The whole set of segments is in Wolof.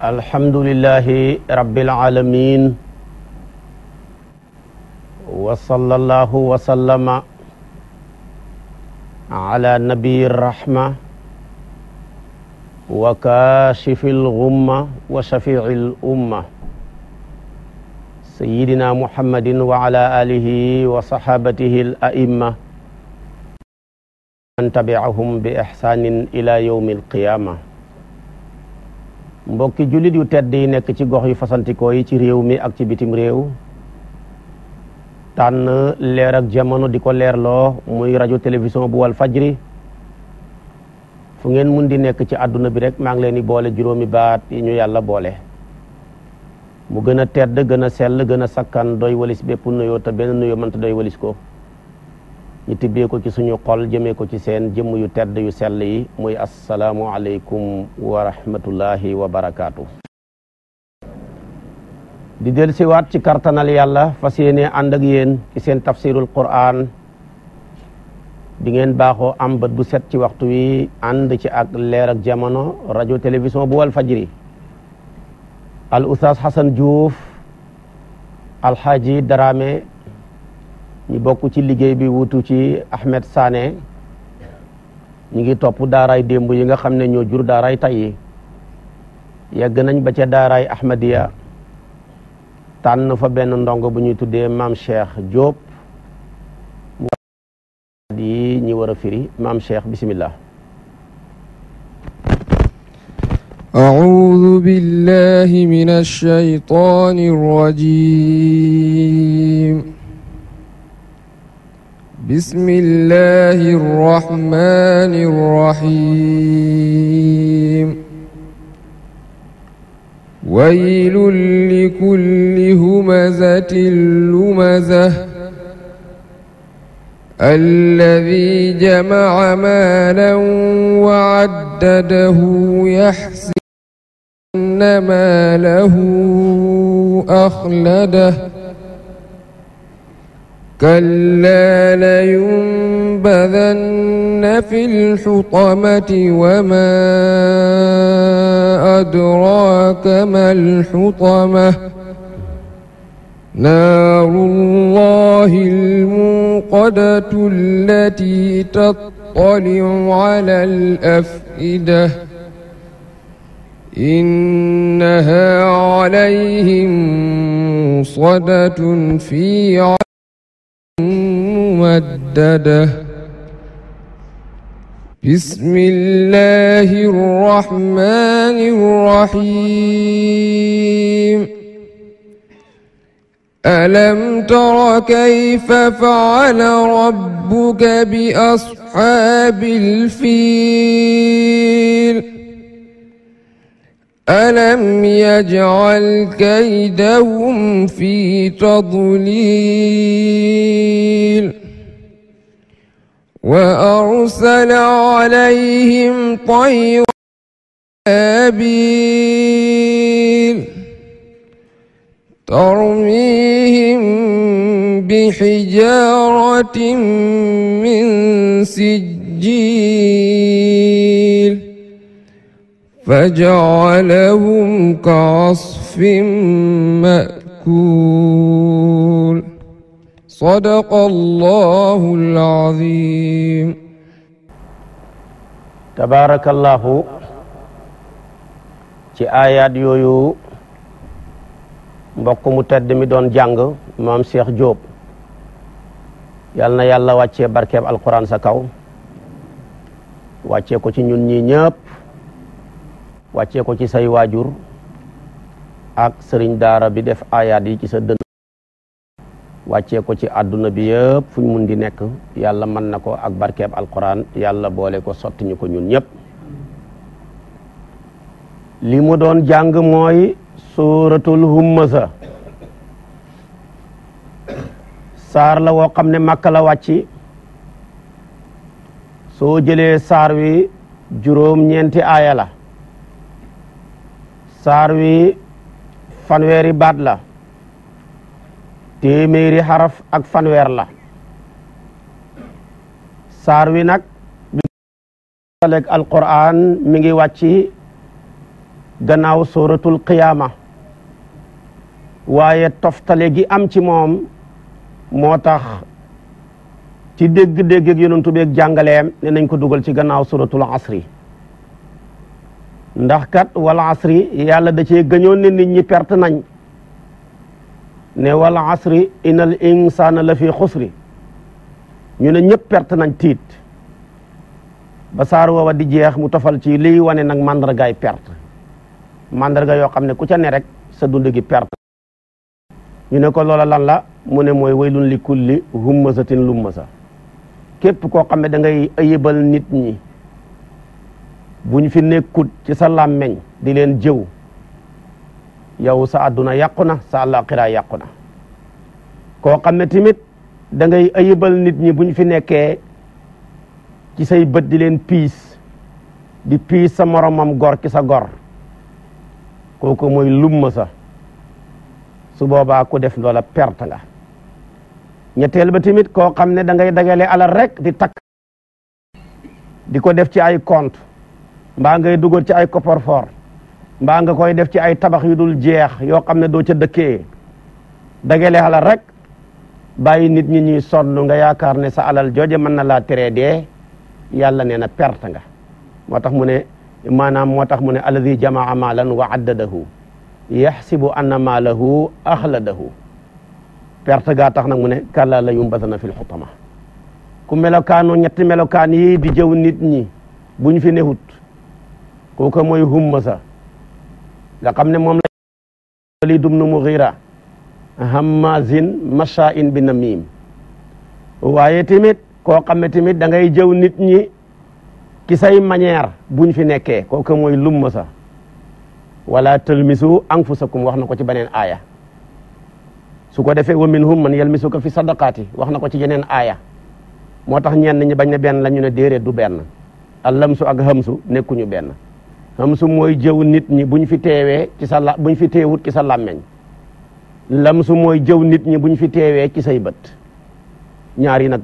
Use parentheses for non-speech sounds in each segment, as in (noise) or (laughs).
alhamdulillahi rabbil alamin wa sallallahu wa sallama ala nabii rahma wa kaashifi lgumma wa shafici l umma sayidina muhammadin wa ala alihi wa sahabatihi l aimma man tabiahum bi ihsanin ila yawmi alqiyama mbokki jullit yu tedd yi nekk ci gox yu fasantikoo yi ci réew mi ak ci bitim réew tànn leer ak jamono di ko leerloo muy rajo télévision bu wal fajri fu ngeen mun di nekk ci àdduna bi rek maa ngi leen di boole juróomi baat yi ñu yàlla boole mu gën a tedd gën a sell gën a sakkan doy walis bépp nuyoo te benn nuyoo mënta doy walis ko ñu tibbee ko ci suñu xol jëmee ko ci seen jëmm yu tedd yu sell yi muy asalaamualeykum wa rahmatullahi wa barakaatu. di del siwaat ci kartanal yàlla fas yéene ànd ak yéen ci seen tafsirul quran bi ngeen baaxoo am bët bu set ci waxtu wi ànd ci ak leer ak jamono rajo télévision bu wal fajri al oustaz Hassan Diouf alxaaji Darame ñi bokk ci liggéey bi wutu ci Ahmed Sané ñu ngi topp daaraay démb yi nga xam ne ñoo jur daaraay tay yi yegg nañ ba ca daaraay Ahmadiya tànn fa benn ndongo bu ñuy tuddee maam Cheikh Diop mu yi ñi war a firi maam Cheikh bismillah أعوذ بالله من الشيطان الرجيم بسم الله الرحمن الرحيم ويل لكل همزة لمزة الذي جمع مالا وعدده يحسن ماله أخلده كلا لينبذن في الحطمة وما أدراك ما الحطمة نار الله الموقدة التي تطلع على الأفئدة إنها عليهم مصدة في مهتده بسم الله الرحمن الرحيم ألم تر كيف فعل ربك بأصحاب الفيل ألم يجعل كيدهم في تضليل وأرسل عليهم طير أبيل ترميهم بحجارة من سجيل فجعلهم كعصف مأكول صدق الله العظيم تبارك ci aayaat yooyu mbokk mu tedd mi doon jàng maam Cheikh Diop yal na yàlla wàccee barkeeb alquran sa kaw wàccee ko ci ñun ñi ñëpp wàccee ko ci say waajur ak sëriñ daara bi def ayaat yi ci sa dënn wàccee ko ci àdduna bi yëpp fu ñu nekk yàlla mën na ko ak barkeb alquran yàlla boole ko sotti ñu ko ñun ñëpp li mu doon jàng mooy suuratul humaza saar la woo xam ne makka la wàcci soo jëlee saar wi juróom ñeenti aaya la saar wi fanweeri baat la téeméeri xaraf ak fanweer la saar wi nag bi aleeg alquran mi ngi wàcci gannaaw suratul qiyaama waaye toftale gi am ci moom moo tax ci dégg-dégg ak yonentu beeg jàngaleem ne nañ ko dugal ci gannaaw suratul asri ndax kat wal asri yàlla da cee gëñoon ne nit ñi perte nañ ne wal asri inal insana la fi xusri ñu ne ñëpp perte nañ tiit ba saar woowa di jeex mu tofal ci liy wane nag mandargaay perte mandarga yoo xam ne ku ca ne rek sa dund gi perte ñu ne ko loola lan la mu ne mooy waylun li kulli hummazatin lummasa képp koo xam ne dangay ngay ayibal nit ñi buñ fi nekkut ci sa làmmeñ di leen jëw yow sa àdduna yàqu na sa àllaaxira yàqu na koo xam ne tamit da ngay ayibal nit ñi buñ fi nekkee ci say bët di leen piis di piis sa moromam gor ki sa gor kooku mooy lumma sa su boobaa ku def loola perte la ñetteel ba tamit koo xam ne da ngay dagale alal rek di takk ko def ci ay compte mbaa ngay dugal ci ay coffre mbaa nga koy def ci ay tabax yu dul jeex yoo xam ne doo ca dëkkee dagale alal rek bàyyi nit ñi ñuy sonn nga yaakaar ne sa alal jooje man na laa tere dee yàlla nee na perte nga moo tax mu ne maanaam moo tax mu ne alladi jamaa maalan wa addadahu yaxsibu anna maalahu axladahu perte gaa tax nag mu ne kàlla la yumbatana fi xutama ku melokaanu ñetti melokaan yi di jëw nit ñi buñ fi newut kooku mooy humma sa nga xam ne moom la Waliid ibnu Mugiira hammaazin mashaa'in bi namiim waaye tamit koo xam ne tamit da ngay jëw nit ñi ci say manière buñ fi nekkee kooku mooy lumma sa wala talmisu anfusakum wax na ko ci beneen aaya su ko defee wa minhum man yalmisuka fi sadaqaati wax na ko ci yeneen aaya moo tax ñenn ñi bañ ne benn la ñu ne déedéet du benn allamsu ak hamsu nekkuñu benn lamsu mooy jëw nit ñi buñ fi teewee ci sa la buñ fi teewut ci sa làmmeñ lamsu mooy jëw nit ñi buñ fi teewee ci say bët ñaar nag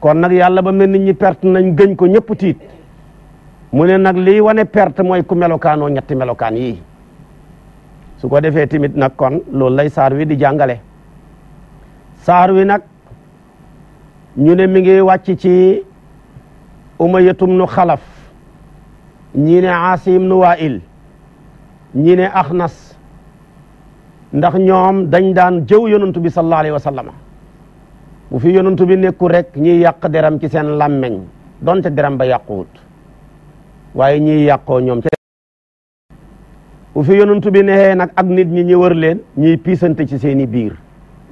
kon nag yàlla ba mel nit ñi perte nañ gëñ ko ñëpp tiit mu ne nag liy wane perte mooy ku melokaanoo ñetti melokaan yii su ko defee tamit nag kon loolu lay saar wi di jàngale saar wi nag ñu ne mi ngi wàcc ci umayatum nu xalaf ñii ne Asim nu Waa'il ñii ne Axnas ndax ñoom dañ daan jëw yonantu bi sallallahu alayhi bu fi yonantu bi nekku rek ñiy yàq deram ci seen làmmeñ donte deram ba yàquwut waaye ñiy yàqoo ñoom ca bu fi yonantu bi nexee nag ak nit ñi ñu wër leen ñiy piisante ci seeni biir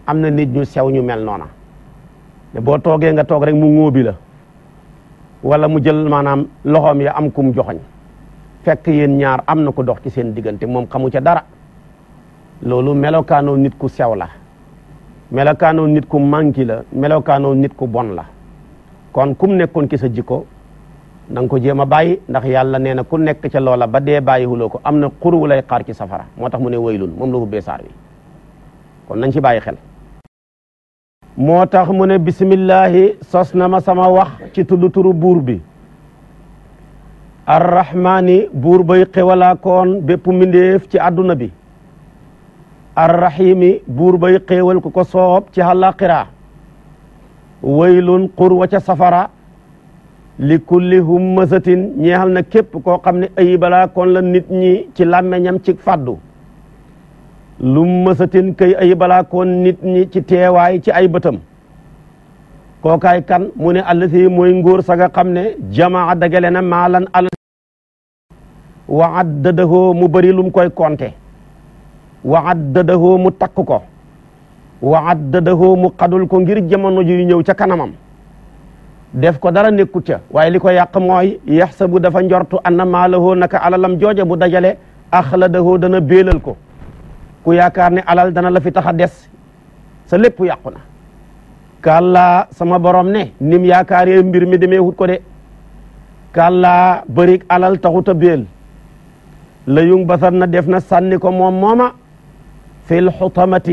am na nit ñu sew ñu mel noona ne boo toogee nga toog rek mu ngóobi la wala mu jël maanaam loxoom ya am kum joxoñ fekk yéen ñaar am na ko dox ci seen diggante moom xamu ca dara loolu melokaanoo nit ku sew la melokaanoo nit ku manki la melokaanoo nit ku bon la kon kum nekkoon ci sa jikko na nga ko jéem a bàyyi ndax yàlla nee na ku nekk ca loola ba dee bàyyiwuloo ko am na xur wu lay xaar ci safara moo tax mu ne waylun moom la ubbee saar wi kon nañ ci bàyyi xel moo tax mu ne bisimillahi sos na ma sama wax ci tudd buur bi arrahmaani buur bay xewalaa koon bépp mbindéef ci àdduna bi arrahimi buur bay xéewal ku ko soob ci àllaaxira waylun xur wa ca safara li kulli hummazatin ñeexal na képp koo xam ne ayibalaa koon la nit ñi ci làmmeñam ci fàddu lu mësatin kay ay balaakoon nit ñi ci teewaay ci ay bëtam kookaay kan mu ne allati mooy nguur sa nga xam ne jamaa dagale na maalan al wa addadahoo mu bari lum koy konte wa addadahoo mu takk ko wa addadahoo mu kadul ko ngir jamono ju ñëw ca kanamam def ko dara nekku ca waaye li ko yàq mooy yaxsabu dafa njortu anna maalahu naka alalam jooja mu dajale axladahoo dana béelal ko ku yaakaar ni alal dana la fi tax a des sa lépp yàqu na kàllaa sama borom ne nim yaakaaree mbir mi demee wut ko de kàllaa bërig alal taxut a béel la basar na def na sànni ko moom mooma fil xutamati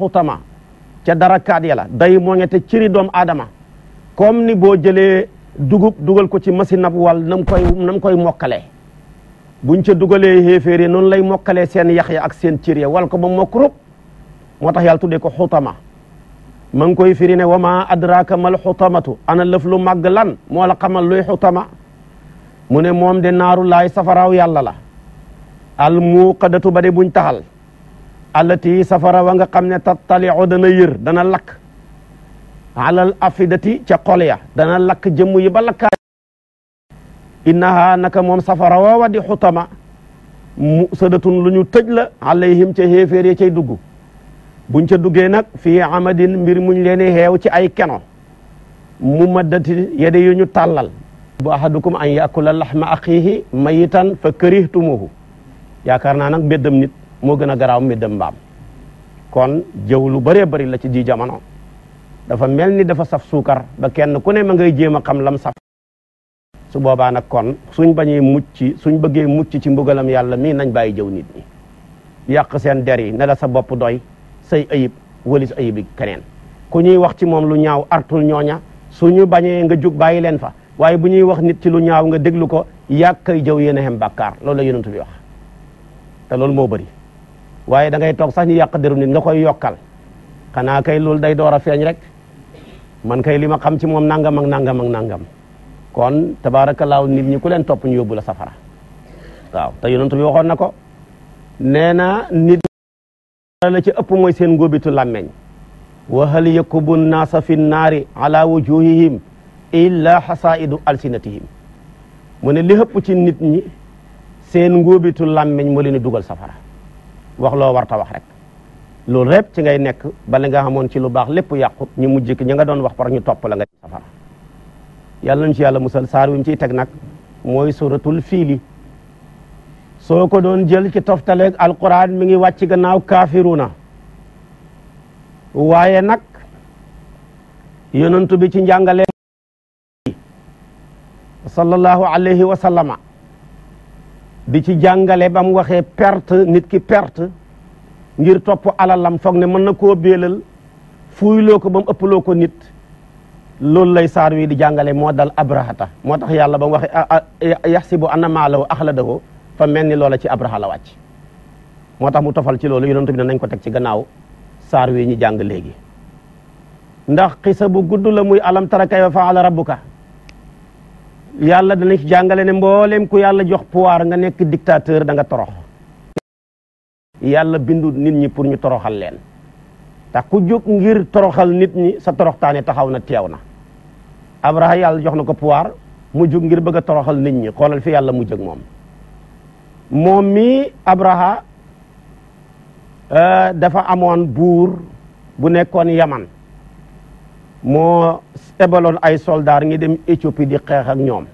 xutama ca dara kaat yala day mooñe te ciri doom aadama comme ni boo jëlee dugub dugal ko ci machine ab wal nam koy nam koy mokkale buñ ca dugalee xéeféer yi noonu lay mokkalee seen yax ak seen cër ya ko ba mokk rub moo tax yàlla de ko xutama ma ngi koy firine ne wa ma adraka mal xutamatu ana lëf lu màgg lan moo la xamal luy xutama mu ne moom de naaru laay safara yàlla la al muuqadatu ba de buñ taxal allati safara wa nga xam ne tattaliu dana yër dana lakk alal afidati ca xol ya dana lakk jëmm yi ba lakkaa innaha naka moom safara woowa di xutama musadatun lu ñu tëj la alayhim ca xéeféer ya cay dugg buñ ca duggee nag fii amadin mbir muñ leen xeew ci ay keno mu maddati yede yu ñu tàllal bu ahadukum an yakula laxma axiihi mayitan fa karihtumuhu yaakaar naa nag mbeddam nit moo gën a garaaw mbeddam mbaam kon jëw lu bëree la ci ji jamono dafa mel ni dafa saf suukar ba kenn ku ne ma ngay jéem a xam lam saf su boobaa nag kon suñ bañee mucc suñ bëggee mucc ci mbugalam yàlla mii nañ bàyyi jëw nit ñi yàq seen der yi ne la sa bopp doy say ayib walis ayibi keneen ku ñuy wax ci moom lu ñaaw artul ñooña suñu bañee nga jug bàyyi leen fa waaye bu ñuy wax nit ci lu ñaaw nga déglu ko yàq kay jëw yéen a xem bàkkaar loolu la yonent bi wax te loolu moo bari waaye da ngay toog sax ñu yàq deru nit nga koy yokkal xanaa kay loolu day door a feeñ rek man kay li ma xam ci moom nangam ak nangam ak nangam kon tabaarakallaahu nit ñi ku leen topp ñu yóbbu la safara waaw te yonent bi waxoon na ko nee na nit la ci ëpp mooy seen ngóobitu làmmeñ wa hal yakubu nnaasa fi nnaari ala wujuhihim illa hasaidu alsinatihim mu ne li ëpp ci nit ñi seen ngóobitu làmmeñ moo leen di dugal safara wax loo war ta wax rek loolu rek ci ngay nekk bala nga xamoon ci lu baax lépp yàqu ñu mujj ki ña nga doon wax par ñu topp la nga safara yàlla nañ ci yàlla musal saar wi ciy teg nag mooy suratul fiili soo ko doon jël ci toftaleeg alquran mi ngi wàcc gannaaw kaafiruna waaye nag yonantu bi ci njàngale sallallahu alayhi wa sallama di ci jàngale ba mu waxee perte nit ki perte ngir topp alalam foog ne mën na koo béelal fuuyloo ko ba mu ëpploo ko nit loolu lay saar wi di jàngale moo dal abrahata moo tax yàlla ba mu waxe yaxsibu anna maalahu axladahu fa mel ni loola ci abraha la wàcc moo tax mu tofal ci loolu yonent bi ne nañ ko teg ci gannaaw saar wi ñu jàng léegi ndax xisa bu gudd la muy alam tara kayfa faala rabbuka yàlla danañ ci jàngale ne mbooleem ku yàlla jox pouvoir nga nekk dictateur da nga torox yàlla bindu nit ñi pour ñu toroxal leen tax ku jóg ngir toroxal nit ñi sa toroxtaane taxaw na teew na abraha yàlla jox na ko pouvoir mu jug ngir bëgg a toroxal nit ñi xoolal fi yàlla mu jëg moom moom mii abraha euh, dafa amoon buur bu nekkoon yaman moo ebaloon ay soldaar ngi dem Éthiopie di xeex ak ñoom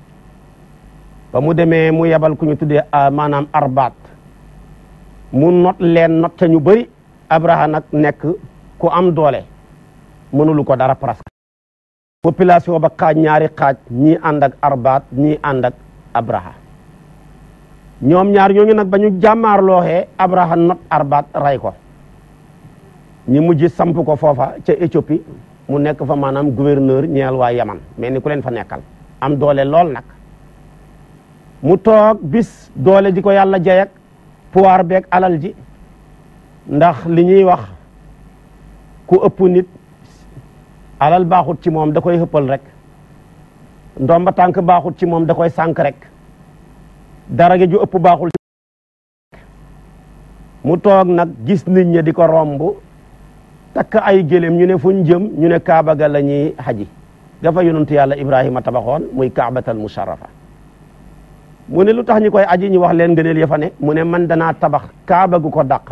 ba mu demee mu yebal ku ñu tuddee euh, maanaam arbaat mu not leen not ca ñu bari abraha nag nekk ku am doole mënulu ko dara presque population ba xaaj ñaari xaaj ñii ànd ak arbaat ñii ànd ak abraha ñoom ñaar ñooñu nag ba ñu jàmmaar looxee abraha not arbaat ray ko ñi mujj samp ko foofa ca Éthiopie mu nekk fa maanaam gouverneur ñeel waa yaman mais ni ku leen fa nekkal am doole lool nag mu toog bis doole ji ko yàlla jayak pouvoir beeg alal ji ndax li ñuy wax ku ëpp nit alal baaxut ci moom da koy xëppal rek ndomba tànk baaxut ci moom da koy sànk rek daraja ju ëpp baaxul mu toog nag gis nit ñi di ko romb takk ay gëléem ñu ne fuñ jëm ñu ne kaaba ga la ñuy xaji dafa yonent yàlla ibrahima tabaxoon muy kaabatal musharrafa mu ne lu tax ñu koy aji ñu wax leen ngëneel ya fa ne mu ne man danaa tabax kaaba gu ko dàq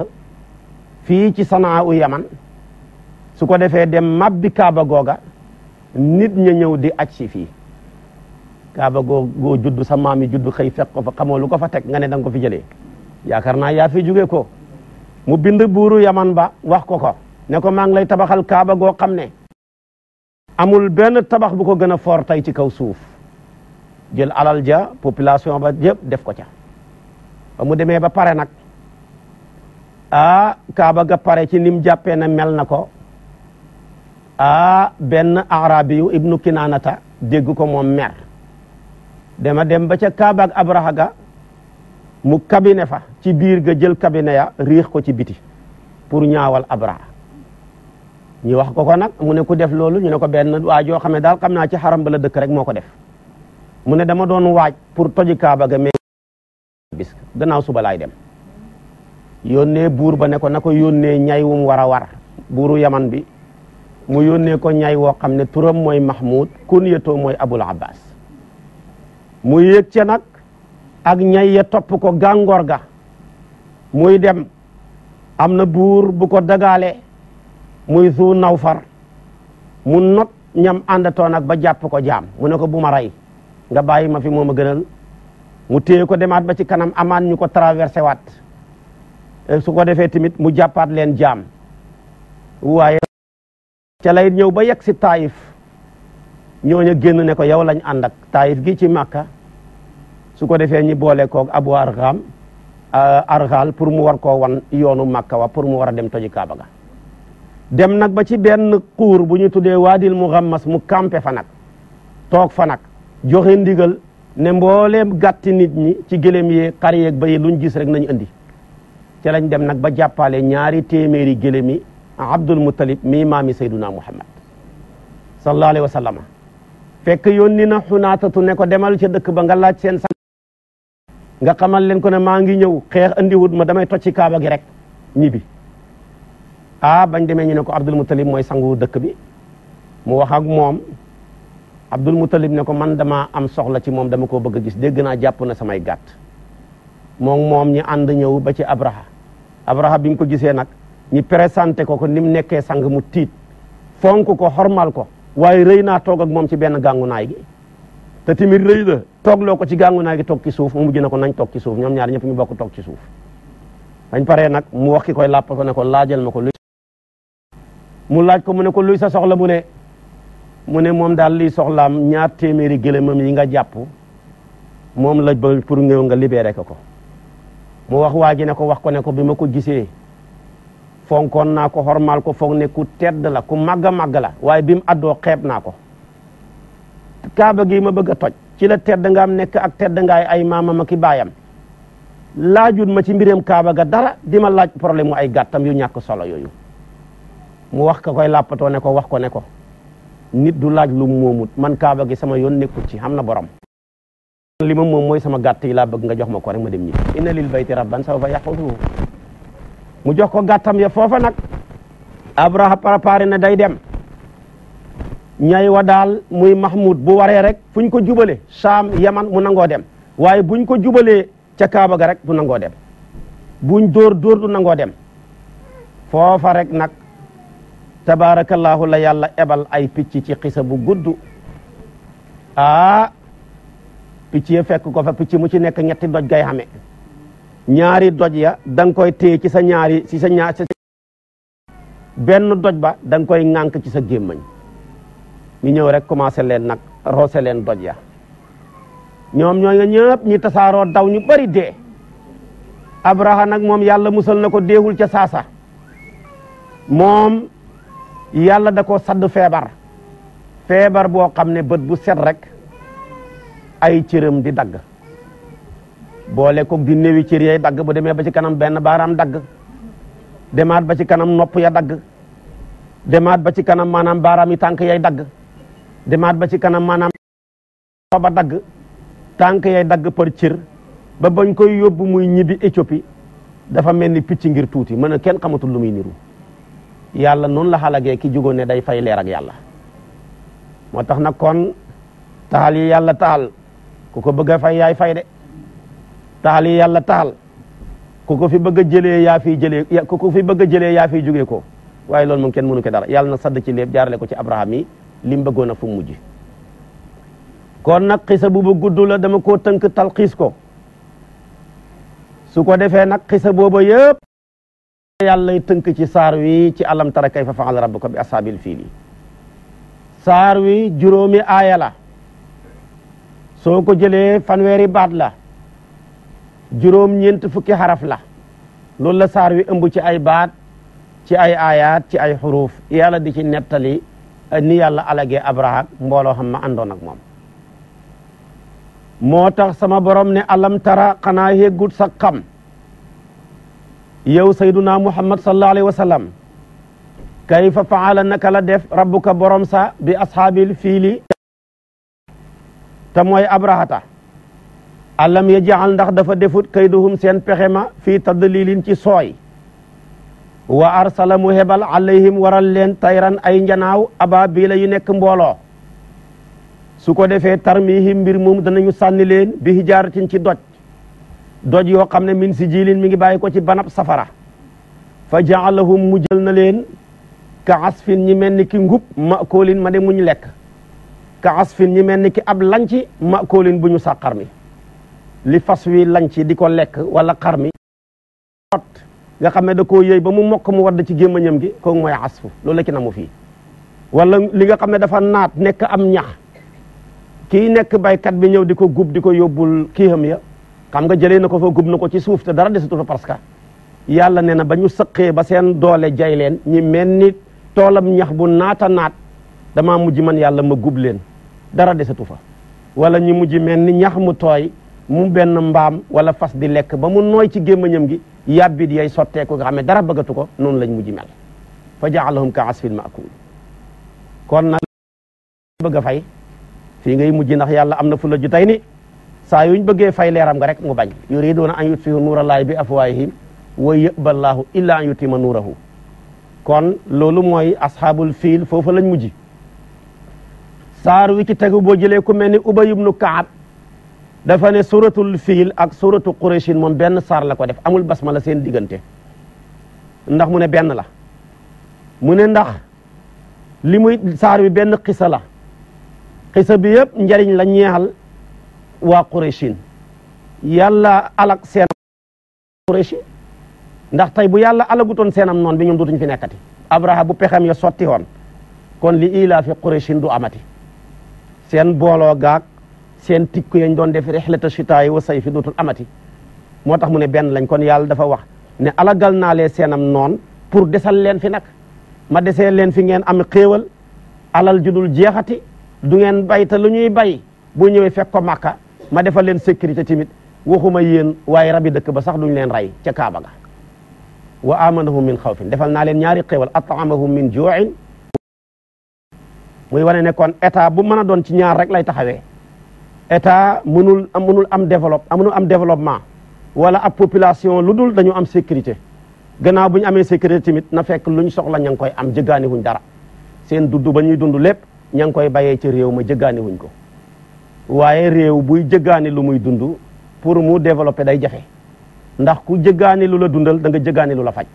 fii ci sanaa u yaman su ko defee dem mabbi kaaba googa nit ña ñëw di aj fii kaaba goo juddu sa maam yi juddu xëy fekk ko fa kamoolu ko fa teg nga ne danga ko fi jëlee yaakaar naa yaa fi jóge ko mu bind buuru yaman ba wax ko ko ne ko maa ngi lay tabaxal kaaba goo xam ne amul benn tabax bu ko gën a foor tey ci kaw suuf jël alal ja population ba yëpp def ko ca mu demee ba pare nag ah kaaba ga pare ci nim jàppee na mel na ko a benn arabi yu ibnu kinaanata dégg ko moom mer dama dem ba ca kaabak abraha ga mu kabine fa ci biir ga jël kabine ya riix ko ci biti pour ñaawal abraha ñu wax ko ko nag mu ne ku def loolu ñu ne ko benn waa joo xam ne daal xam naa ci xaram bala dëkk rek moo ko def mu ne dama doon waaj pour toji kaaba ga mais bis gannaaw suba laay dem yónnee buur ba ne na ko yónnee ñay war a war buuru yaman bi mu yónnee ko ñay woo xam ne turam mooy Mahmoud kunyatoo mooy Abul Abbas mu yéeg ca nag ak ñay ya topp ko gàngoor ga muy dem am na buur bu ko dagaale muy su nawfar mu not ñam àndatoon ak ba jàpp ko jaam mu ne ko bu ma rey nga bàyyi ma fi moom ma gënal mu téye ko demaat ba ci kanam amaat ñu ko traversé waat eh, su ko defee tamit mu jàppaat leen jaam waaye ca lay ñëw ba yegg si taayif ñooñu génn ne ko yow lañ ànd ak taayif gi ci màkka su ko defee ñi boole koog abu arxam euh, arxal pour mu war ko wan yoonu màkka wa pour mu war a dem toji kaaba ga dem nag ba ci benn xuur bu ñu tuddee waadil muxammas mu kampe fa nag toog fa nag joxe ndigal ne mbooleem gàtti nit ñi ci gëlëm yi xar yeeg ba yi luñ gis rek nañ indi ca lañ dem nag ba jàppale ñaari téeméeri gëlëm abdul muttalib mii maami sayduna muhammad sallallahu alayhi wa sallama fekk yónni na xunaatatu ne ko demal ca dëkk ba nga laaj seen sang nga xamal leen ko ne maa ngi ñëw xeex andiwut ma damay ci kaaba gi rek ñibbi ah bañ demee ñu ne ko abdul muttalib mooy sangu dëkk bi mu wax ak moom abdul muttalib ne ko man damaa am soxla ci moom dama koo bëgg a gis dégg naa jàpp na samay gàtt moom moom ñi ànd ñëw ba ci abraha abraha bi mu ko gisee nag ñi présenté ko ko ni mu nekkee sang mu tiit fonk ko xormal ko waaye rëy naa toog ak moom ci benn gàngunaay gi te tamit rëy la toogloo ko ci gàngunaay gi toog ci suuf mu mujj na ko nañ toog ci suuf ñoom ñaar ñëpp ñu bokk toog ci suuf bañ nag mu wax ki làpp ko ne ko laajal ma ko luy mu laaj ko mu ne ko luy sa soxla mu ne mu ne moom daal liy soxlaam ñaar téeméeri gëlëmam yi nga jàpp moom la ba pour ñëw nga libéré ko ko mu wax waa ji ne ko wax ko ne ko bi ma ko gisee fonkoon naa ko xormaal ko foog ne ku tedd la ku màgg a màgg la waaye bi mu addoo xeet naa ko kaaba gi ma bëgg a toj ci la tedd nga am nekk ak tedd ngaay ay maamam ak i baayam laajut ma ci mbiram kaaba ga dara di ma laaj problème mu ay gàttam yu ñàkk solo yooyu mu wax ka koy làppatoo ne ko wax ko ne ko nit du laaj lu moomut man kaaba gi sama yoon nekkul ci xam na borom li ma moom mooy sama gàtt yi laa bëgg nga jox ma ko rek ma dem ñi inna lil bayti rabban mu jox ko gàttam ya foofa nag Abraha préparé na day dem ñay wa daal muy Mahmoud bu waree rek fu ko jubale Saam Yaman mu nangoo dem waaye buñ ko jubalee ca Kaaba ga rek du nangoo dem buñ dóor dóor du nangoo dem foofa rek nag tabaarakallaahu la yàlla ebal ay picc ci xisa bu gudd aa picc ya fekk ko fa picc mu ci nekk ñetti doj gay xame ñaari doj ya danga koy téye ci sa ñaari ci sa ñaar benn doj ba danga koy ŋànk ci sa gémmañ ñu ñëw rek commencé leen nag roose leen doj ya ñoom ñoo nga ñëpp ñi tasaaroo daw ñu bari dee abraha nag moom yàlla musal na ko deewul ca saasa moom yàlla da ko sadd feebar feebar boo xam ne bët bu set rek ay cëram di dagg boole ko di néewi cër yay dagg bu demee ba ci kanam benn baaraam dagg demaat ba ci kanam nopp ya dagg demaat ba ci kanam maanaam baaraam yi tànk yay dagg demaat ba ci kanam maanaam ba dagg tànk yay dagg par cër ba bañ koy yóbbu muy ñibbi Éthiopie dafa mel ni picc ngir tuuti mën na kenn xamatul lu muy niru yàlla noonu la xalagee ki jugoon ne day fay leer ak yàlla moo tax nag kon taal yi yàlla taal ku ko bëgg a fay yaay fay de taxal yi yàlla taal ko ko fi bëgg a jëlee yaa fiy jëlee ku ko fi bëgg a jëlee yaa fiy jógee ko waaye loolu moom kenn mënu ko dar yàlla na sadd ci lépp jaarale ko ci abraham yi li mu bëggoon a fu mujj nag xisa bu ba gudd la dama koo tënk talxiis ko su ko defee nag xisa booba yëpp yàlla tënk ci saar wi ci alam tara kayfa fa'ala rabbuka bi ashaabil fiil yi saar wi juróomi aaya la soo ko jëlee fanweeri baat la juróom-ñeent fukki xaraf la loolu la saar wi ëmb ci ay baat ci ay ayaat ci ay xuruuf yàlla di ci nettali eh, ni yàlla alagee abraham mbooloo xam ma àndoon ak moom moo tax sama borom ne alam tara xanaa yeggut sa xam yow sayduna muhammad sallallahu alayhi wa sallam kayfa faala naka la def rabbuka borom sa bi ashaabil fiili te mooy abrahata alam ya jaxal ndax dafa defut kayduhum seen pexe ma fii tadlilin ci sooy wa arsala mu hebal alayhim waral leen tayran ay njanaaw abaabila yu nekk mbooloo su ko defee tarmihim mbir moom danañu sànni leen bi hijaaratin ci doj doj yoo xam ne min si jiilin mi ngi bàyyi ko ci banab safara fa jaalahum mu jël na leen ka asfin ñi mel ni ki ngub ma koolin ma de muñ lekk ka asfin ñi mel ni ki ab lanci ma koolin bu ñu sàqar mi li fas wi lañ ci di ko lekk wala xar mi ot nga xam ne da koo yëy ba mu mokk mu wadd ci gémmañam gi kooku mooy asfu loolu la ci namu fii wala li nga xam ne dafa naat nekk am ñax kii nekk baykat bi ñëw di ko gub di ko yóbbul kii xam ya xam nga jëlee na ko fa gub na ko ci suuf te dara desatu fa parce que yàlla nee na ba ñu sëqee ba seen doole jay leen ñi mel ni toolam ñax bu naata naat dama mujj man yàlla ma gub leen dara desetu fa wala ñu mujj mel ñax mu tooy mu benn mbaam wala fas di lekk ba mu nooy ci gémmañam gi yàbbit yay sotteeku nga xam ne dara bëggatu ko noonu lañ mujj mel fa jaalahum ka asfin maakul kon na bëgg fay fii ngay mujj nax yàlla am na fu la ju tey ni saa yuñ bëggee fay leeram nga rek mu bañ yuriduuna an yutfihu nuurallaahi bi afwaahihim wa yëballaahu illa an ma nuurahu kon loolu mooy ashaabul fiil foofu lañ mujj saar wi tegu boo jëlee ku mel ni ubay ibnu kaab dafa suuratul suratul fiil ak suratu quraychin moom benn saar la ko def amul basmala seen diggante ndax mu ne benn la mu ne ndax li muy saar bi benn xisa la xisa bi yëpp njariñ la ñeexal waa quraychin yàlla alag seen qurayshi ndax tey bu yàlla alagutoon seenam noon bi ñu dootuñ fi nekkati abraha bu pexem ya sotti woon kon li ilaa fi quraychin du amati seen booloo gaag seen tikku yañ doon def rihlata shitaayi wa sayfi dootul amati moo tax mu ne benn len kon yàlla dafa wax ne alagal naa lee seenam noon pour desal leen fi nag ma dese leen fi ngeen am xéewal alal ju dul jeexati du ngeen bay te lu ñuy bay bu ñëwee fekk ko màkka ma defal leen sécurité tamit waxuma yéen waaye rabi dëkk ba sax duñ leen rey ca kaaba ga wa amanahum min xawfin defal naa leen ñaari xéewal ataamahum min juin muy wane ne kon état bu mën a doon ci ñaar rek lay taxawee état mënul am mënul am développe mënul am développement wala ab population lu dul dañu am sécurité gannaaw bu ñu amee sécurité tamit na fekk lu ñu soxla ña ngi koy am jëggaani wuñ dara seen dudd ba ñuy dundu lépp ña ngi koy bayee ci réew ma jëggaani wuñ ko waaye réew buy jëggaani lu muy dund pour mu développer day jafe ndax ku jëggaani lu la dundal da nga lu la faj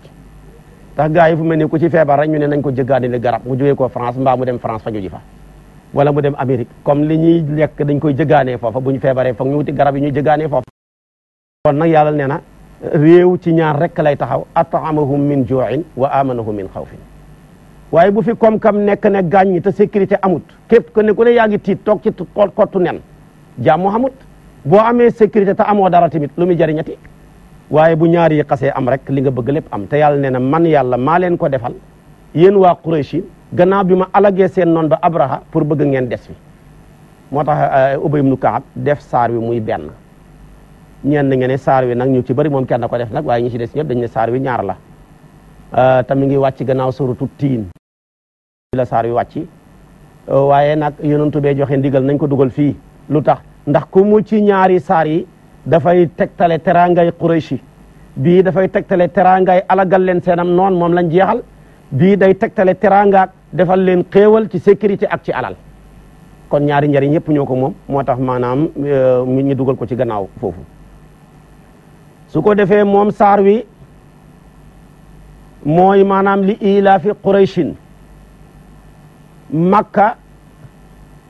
tax gars yi fu mel ku ci feebar rek ñu ne nañ ko jëggaani li garab mu jógee ko France mbaa mu dem France faju ji fa wala mu dem Amérique comme li ñuy lekk dañ koy jëgaanee foofa bu ñu feebaree foog ñu wuti garab yi ñuy jëgaanee foofa kon nag yàlla nee na réew ci ñaar rek lay taxaw ataamahum min juin wa amanahum min xawfin waaye bu fi koom-kam nekk ne gàññi te sécurité amut képp ku ne ku ne yaa ngi tiit toog ci kottu nen jàmm amut boo amee sécurité te amoo dara tamit lu muy jariñati waaye bu ñaar yi xasee am rek li nga bëgg lépp am te yàlla nee na man yàlla maa leen ko defal gannaaw bi ma alagee seen noon ba abraha pour bëgg ngeen des fi moo tax euh, Ubay ibnu Kaab def saar wi muy benn ñeen na ngeen saar wi nag ñu ci bëri moom kenn ko def nag waaye ñu ci des ñëpp dañ ne saar wi ñaar la euh, te mi ngi wàcc gannaaw suratu tiin la saar wi wàcc euh, waaye nag noon bee joxe ndigal nañ ko dugal fii lu tax ndax ko mu ci ñaari saar yi dafay tegtale teraangay Qurayshi bii dafay tegtale teraangay alagal leen seenam noon moom lañ jeexal bii day tegtale teraangaak defal leen xéewal ci sécurité ak ci alal kon ñaari njariñ yëpp ñoo ko moom moo tax maanaam euh, ñu dugal ko ci gannaaw foofu su ko defee moom saar wi mooy maanaam li ilaafi qurayshin makka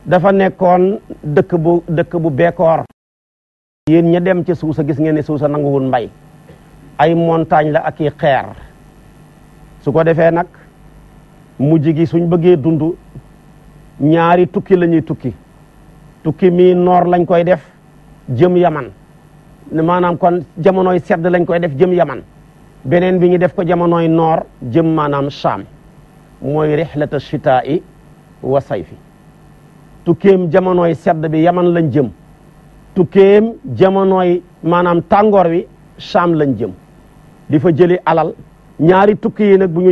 dafa nekkoon dëkk bu dëkk bu beekoor yéen ña dem ci suusa gis ngeen ne suusa nanguwul mbay ay montagne la ak i xeer su ko defee nag mujj gi suñ bëggee dund ñaari tukki lañuy tukki tukki mii noor lañ koy def jëm yaman maanaam kon jamonoy sedd lañ koy def jëm yaman beneen bi ñu def ko jamonoy noor jëm maanaam saam mooy rihlata shitaa'i wa sayfi tukkeem jamonoy sedd bi yaman lañ jëm tukkeem jamonoy maanaam tàngoor wi saam lañ jëm di fa jëli alal ñaari tukki yi nag bu ñu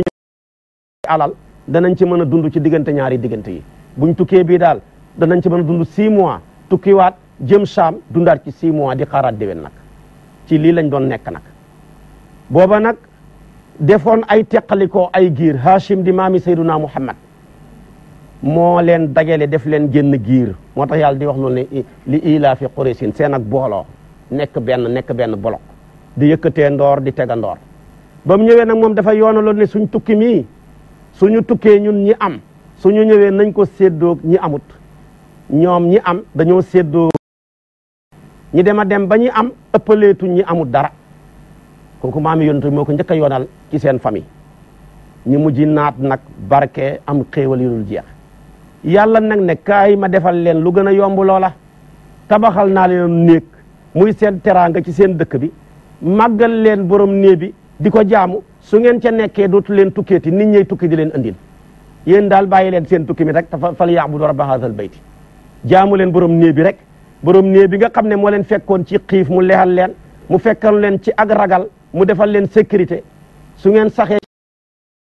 alal danañ ci mën a dund ci diggante ñaari diggante yi buñ tukkee bii daal danañ ci mën a dund six mois tukkiwaat jëm saam dundaat ci six mois di xaaraat déwén nag ci lii lañ doon nekk nag booba nag defoon ay teqalikoo ay giir Hashim di maami Sayyiduna Muhammad moo leen dagale def leen génn giir moo tax yàlla di wax noonu ne li ilaa fi Quraysin seen ak booloo nekk benn nekk benn bolok di yëkkatee ndoor di tega ndoor ba mu ñëwee nag moom dafa yoonaloon ne suñ tukki mii suñu tukkee ñun ñi am suñu ñëwee nañ ko séddoo ñi amut ñoom ñi am dañoo séddoo ñi dem a dem ba ñi am ëppaleetu ñi amut dara kooku maami yonent moo ko njëkk yoonal ci seen famille ñu mujj naat nag barke am xéewal yu dul jeex yàlla nag ne kaay ma defal leen lu gën a yomb loola tabaxal naa leen néeg muy seen teraanga ci seen dëkk bi màggal leen borom néeg bi di ko jaamu su ngeen ca nekkee dootu leen tukkeeti nit ñey tukki di leen andil yéen daal bàyyi leen seen tukki mi rek tafa fal yaabudu rabba haazal bayti jaamu leen borom néeg bi rek borom néeg bi nga xam ne moo leen fekkoon ci xiif mu lexal leen mu fekkoon leen ci ak ragal mu defal leen sécurité su ngeen saxee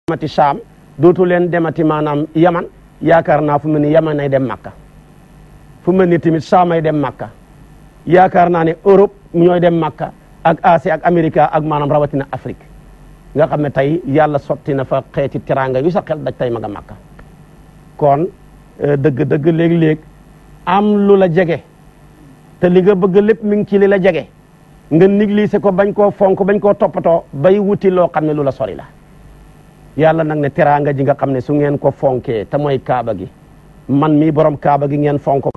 demati saam dootu leen demati maanaam yaman yaakaar naa fu mu ni yaman ay dem makka fu mu ni tamit saamay dem makka yaakaar naa ne Europe ñooy dem makka ak Asie ak Amérique ak maanaam rawatina Afrique nga xam ne tey yàlla sotti na fa xeeti teraanga yu sa xel daj tey ma nga màkka kon euh, dëgg-dëgg léeg-léeg am lu la jege te li nga bëgg lépp mi ngi ci li la jege nga négliger ko bañ koo fonk bañ koo toppatoo bay wuti loo xam ne lu la sori la yàlla nag ne teraanga ji nga xam ne su ngeen ko fonkee te mooy kaaba gi man mii borom kaaba gi ngeen fonko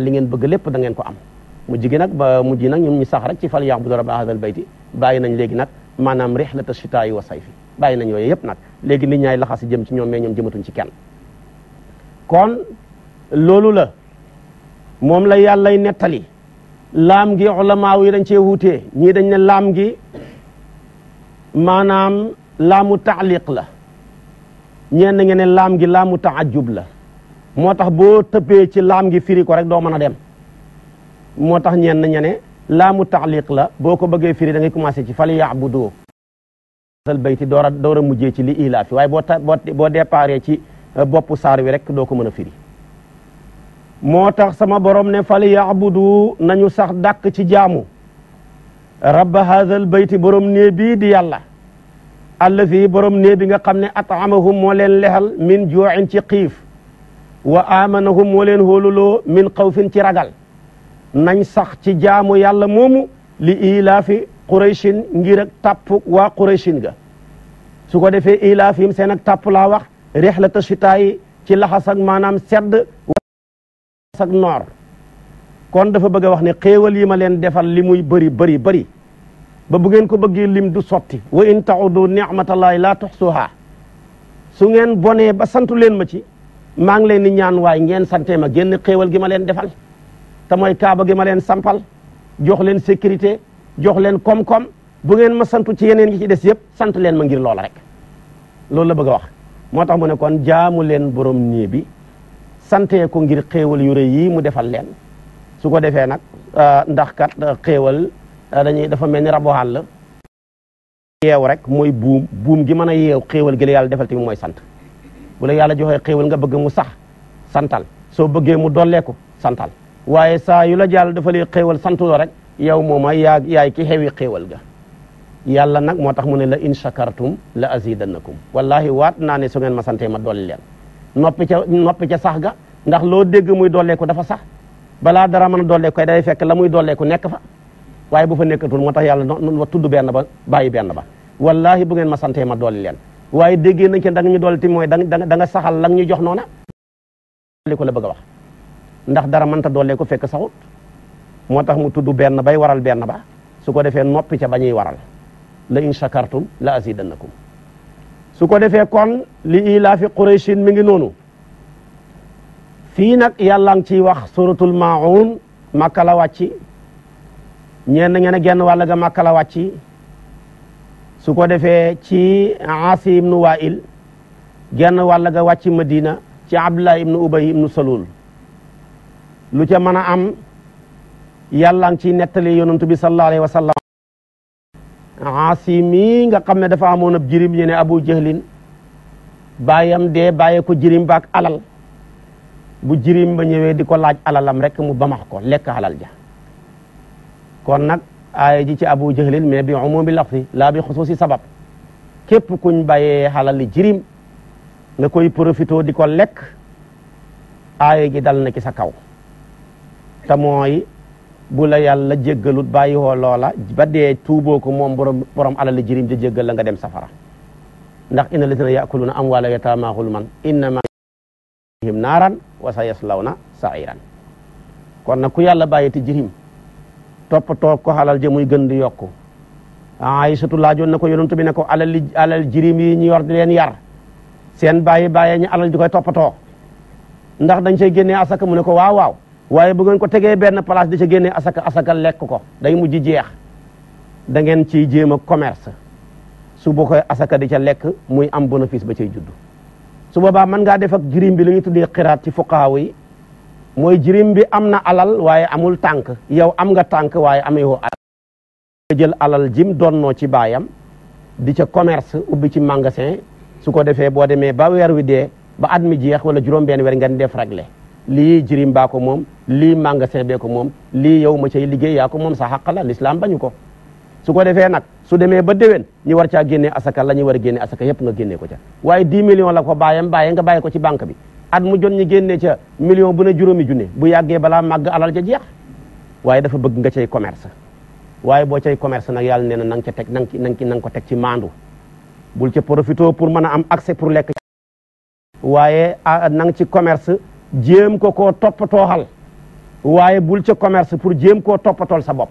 li ngeen bëgg lépp da ngeen ko am mujj gi nag ba mujj nag ñoom ñu sax rek ci fal ya'budu rabba hadal bayti bàyyi nañ léegi nag maanaam rihlata shitaa'i wa sayfi bàyyi nañ yooyu yëpp nag léegi nit ñaay laxasi jëm ci ñoom mais ñoom jëmatuñ ci kenn kon loolu la moom la yàllay nettali laam gi ulamaaw yi dañ cee wuutee ñii dañ ne laam gi maanaam laamu taaliq la ñeen na ngeen ne laam gi laamu taajub la moo tax boo tëppee ci laam gi firi ko rek doo mën a dem moo tax ñenn ña ne laamu taxliq la boo ko bëggee firi da ngay commencé ci fal yaabudu al bayti door a door a ci li ilaa fi waaye boo ta boo déparé ci euh, boppu saar wi rek doo ko mën a firi moo tax sama borom ne fal yaabudu nañu sax dàkk ci jaamu rabba haazal bayti borom nee bii di yàlla allazi borom nee bi nga xam ne atamahum moo leen lexal min juuin ci xiif wa amanahum moo leen hóoluloo min xawfin ci ragal nañ sax ci jaamu yàlla moomu li ilaafi quraychin ngir ak tàpp waa quraychin ga su ko defee ilaafihim seen ak tàpp laa wax rexlata sitaayi ci laxas ak maanaam sedd ak noor kon dafa bëgg a wax ne xéewal yi ma leen defal li muy bëri ba bu ngeen ko bëggee lim du sotti wa in taudu nicmatallahi laa tuxsuha su ngeen bonee ba santu leen ma ci maa ngi leen di ñaan waay ngeen santee ma génn xéewal gi ma leen defal te mooy kaaba gi ma leen sampal jox leen sécurité jox leen koom-koom bu ngeen ma santu ci yeneen yi ci des yëpp sant leen ma ngir loola rek loolu la bëgg a wax moo tax mu ne kon jaamu leen borom nii bi santee ko ngir xéewal yu rëy yi mu defal leen su ko defee nag euh, ndax kat euh, xéewal euh, dañuy dafa mel ni rabu àll yeew rek mooy buum buum gi mën a yeew xéewal gi la yàlla defal tamit mooy sant bu la yàlla joxee xéewal nga bëgg mu sax santal soo bëggee mu dolleeku santal waaye saa yu la jàll dafa lay xéewal sant la rek yow mooma yaa yaay ki xewi xéewal ga yàlla nag moo tax mu ne la in shakartum la azidannakum wallahi waat naa ne su ngeen ma santee ma dolli leen noppi ca noppi ca sax ga ndax loo dégg muy dolleeku dafa sax balaa dara ma a dolleeku kay day fekk la muy dolleeku nekk fa waaye bu fa nekkatul moo tax yàlla no tudd benn ba bàyyi benn ba wallahi bu ngeen ma santee ma dolli leen waaye déggee nañ ci da nga ti mooy da nga da saxal la nga jox noona dolli ko la bëgg a ndax dara mënta doolee ko fekk saxut moo tax mu tudd benn bay waral benn ba su ko defee noppi ca bañuy waral la in shakartum la azidannakum su ko defee kon li ilaafi qurayshin mi ngi noonu fii nag yàlla ngi ciy wax suratul maun makka la wàcci ñenn ñene genn wàll ga makka la wàcci su ko defee ci Aasi ibnu Waa'il genn wàll ga wàcci Madina ci Abdullah ibnu Ubay ibnu Salul lu ca mën a am yàlla ngi ciy nettali yonantu bi sallallahu alayhi wa sallam Aasim mii nga xam ne dafa amoon ab jirim ñu ne Abu Jahlin bàyyam dee bàyyee ko jirim baak alal bu jirim ba ñëwee di ko laaj alalam rek mu bamax ko lekk alal ja kon nag aaya ji ci Abu Jahlin mais bi umumi lafzi laa bi xusuusi sabab képp kuñ bàyyee alali jirim na koy profité di ko lekk aaya ji dal na ci sa kaw te mooy bu la yàlla jéggalut bàyyi woo loola ba dee tuuboo ko moom borom borom alal jirim ja jéggal la nga dem safara ndax inna lazina yakuluna amwaala yataama xulman innama him naaran wa sa yaslawna sairan nag ku yàlla bàyyi ti jirim ko xalal ja muy gën di yokku Aysatu laajoon na ko yonentu bi ne ko alal alal jirim ñu yor leen yar seen bàyyi bàyyee ñu alal di koy dañ waaye bu ngeen ko tegee benn place di ca génnee asaka asaka lekk ko day mujj jeex da ngeen ciy jéem a commerce su boo koy asaka di ca lekk muy am bénéfice ba cay judd su boobaa mën ngaa def ak jirim bi li ñu tuddee xiraat ci fuqaaw yi mooy jirim bi am na alal waaye amul tànk yow am nga tànk waaye amewoo alal nga jël alal jim donnoo ci baayam di ca commerce ubbi ci magasin su ko defee boo demee ba weer wi dee ba at mi jeex wala juróom-benn weer ngeen def ragle lii jirim baa ko moom lii magasin bee moom lii yow ma cay liggéey yaa ko moom sa xàq la l'islam bañu ko su ko defee nag su demee ba déwén ñu war caa génnee asaka la ñu war a génnee asaka yëpp nga génnee ko ca waaye 10 millions la ko bàyyam bàyyi nga bàyyi ko ci banque bi at mu jot ñu génnee ca million bu ne juróomi junne bu yàggee balaa màgg alal ja jeex waaye dafa bëgg nga cay commerce waaye boo cay commerce nag yàlla nee na na nga ca teg na nga na nga ko teg ci maandu bul ca profito pour mën a am accès pour lekk waaye ah, na jéem ko ko koo toppatooxal waaye bul ca commerce pour jéem koo toppatool sa bopp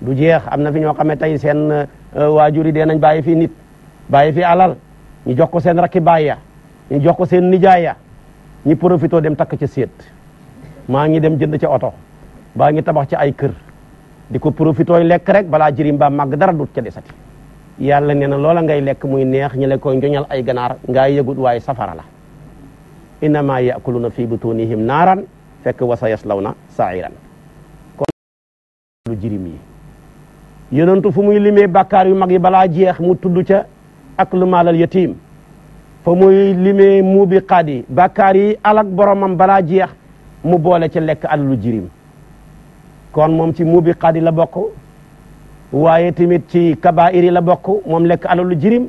du jeex am na fi ñoo xam ne tey seen euh, waajur yi dee nañ bàyyi fi nit bàyyi fi alal ñu jox ko seen rakki baay ya ñu jox ko seen nijaay ya ñu profité dem takk ca seet maa ngi dem jënd ca oto baa ngi tabax ci ay kër di ko profité lekk rek balaa jëriñ ba màgg dara dut ca desati yàlla nee na loola ngay lekk muy neex ñu la koy ay ganaar ngaa yëgut waaye safara la innama yakuluna fi butunihim naaran fekk wasa yaslawna sairan kon lu jirim yi yonentu fu muy limee bàkkaar yu mag yi balaa jeex mu tudd ca ak lu maalal yatim fa muy limee muubiqaat yi bàkkaar yi alak boromam balaa jeex mu boole ca lekk lu jirim kon moom ci muubiqaat yi la bokk waaye tamit ci kabaa'ir la bokk moom lekk alalu jirim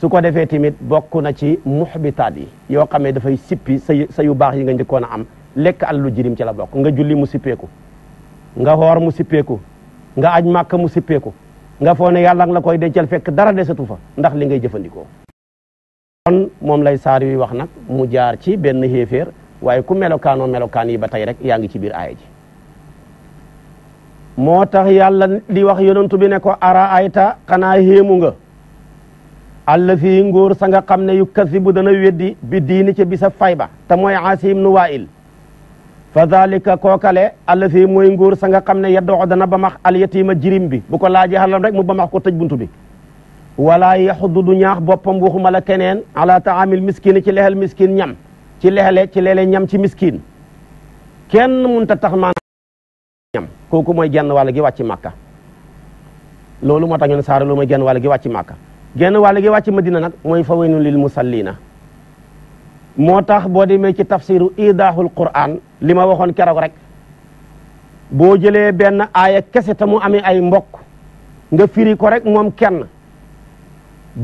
su ko defee tamit bokk na ci muxbitaat yi yoo xam ne dafay sippi sa sa yu baax yi nga njëkkoon am lekk alalu jirim ci la bokk nga julli mu sippeeku nga xoor mu sippeeku nga aj màkk mu sippeeku nga foo ne yàlla la koy dencal fekk dara desatu fa ndax li ngay jëfandikoo kon moom lay saar yuy wax nag mu jaar ci benn xéeféer waaye ku melokaanoo melokaan yi ba tey rek yaa ngi ci biir aaya moo tax yàlla di wax yonentu bi ne ko ara ayta xanaa xéemu nga àll fii nguur sa nga xam ne yu kasibu dana weddi bi diini ca bisa fay ba te mooy asim nu waa'il fa zalika kookale àll fii mooy nguur sa nga xam ne yeddoo dana ba max al yatiima jirim bi bu ko laajee xalam rek mu ba max ko tëj buntu bi wala yaxudu du ñaax boppam waxuma la keneen ala taamil miskine ci lexel miskine ñam ci lexele ci leele ñam ci miskine kenn mënta tax maanaam ñam kooku mooy genn wàll gi wàcc màkka loolu moo tax ñu ne saara loolu mooy genn wàll gi wàcc genn wàll gi wàcc madina nag mooy fa waynun lil musallina moo tax boo demee ci tafsiru idaahul quran li ma waxoon keroog rek boo jëlee benn aaya kese ta mu amee ay mbokk nga firi ko rek moom kenn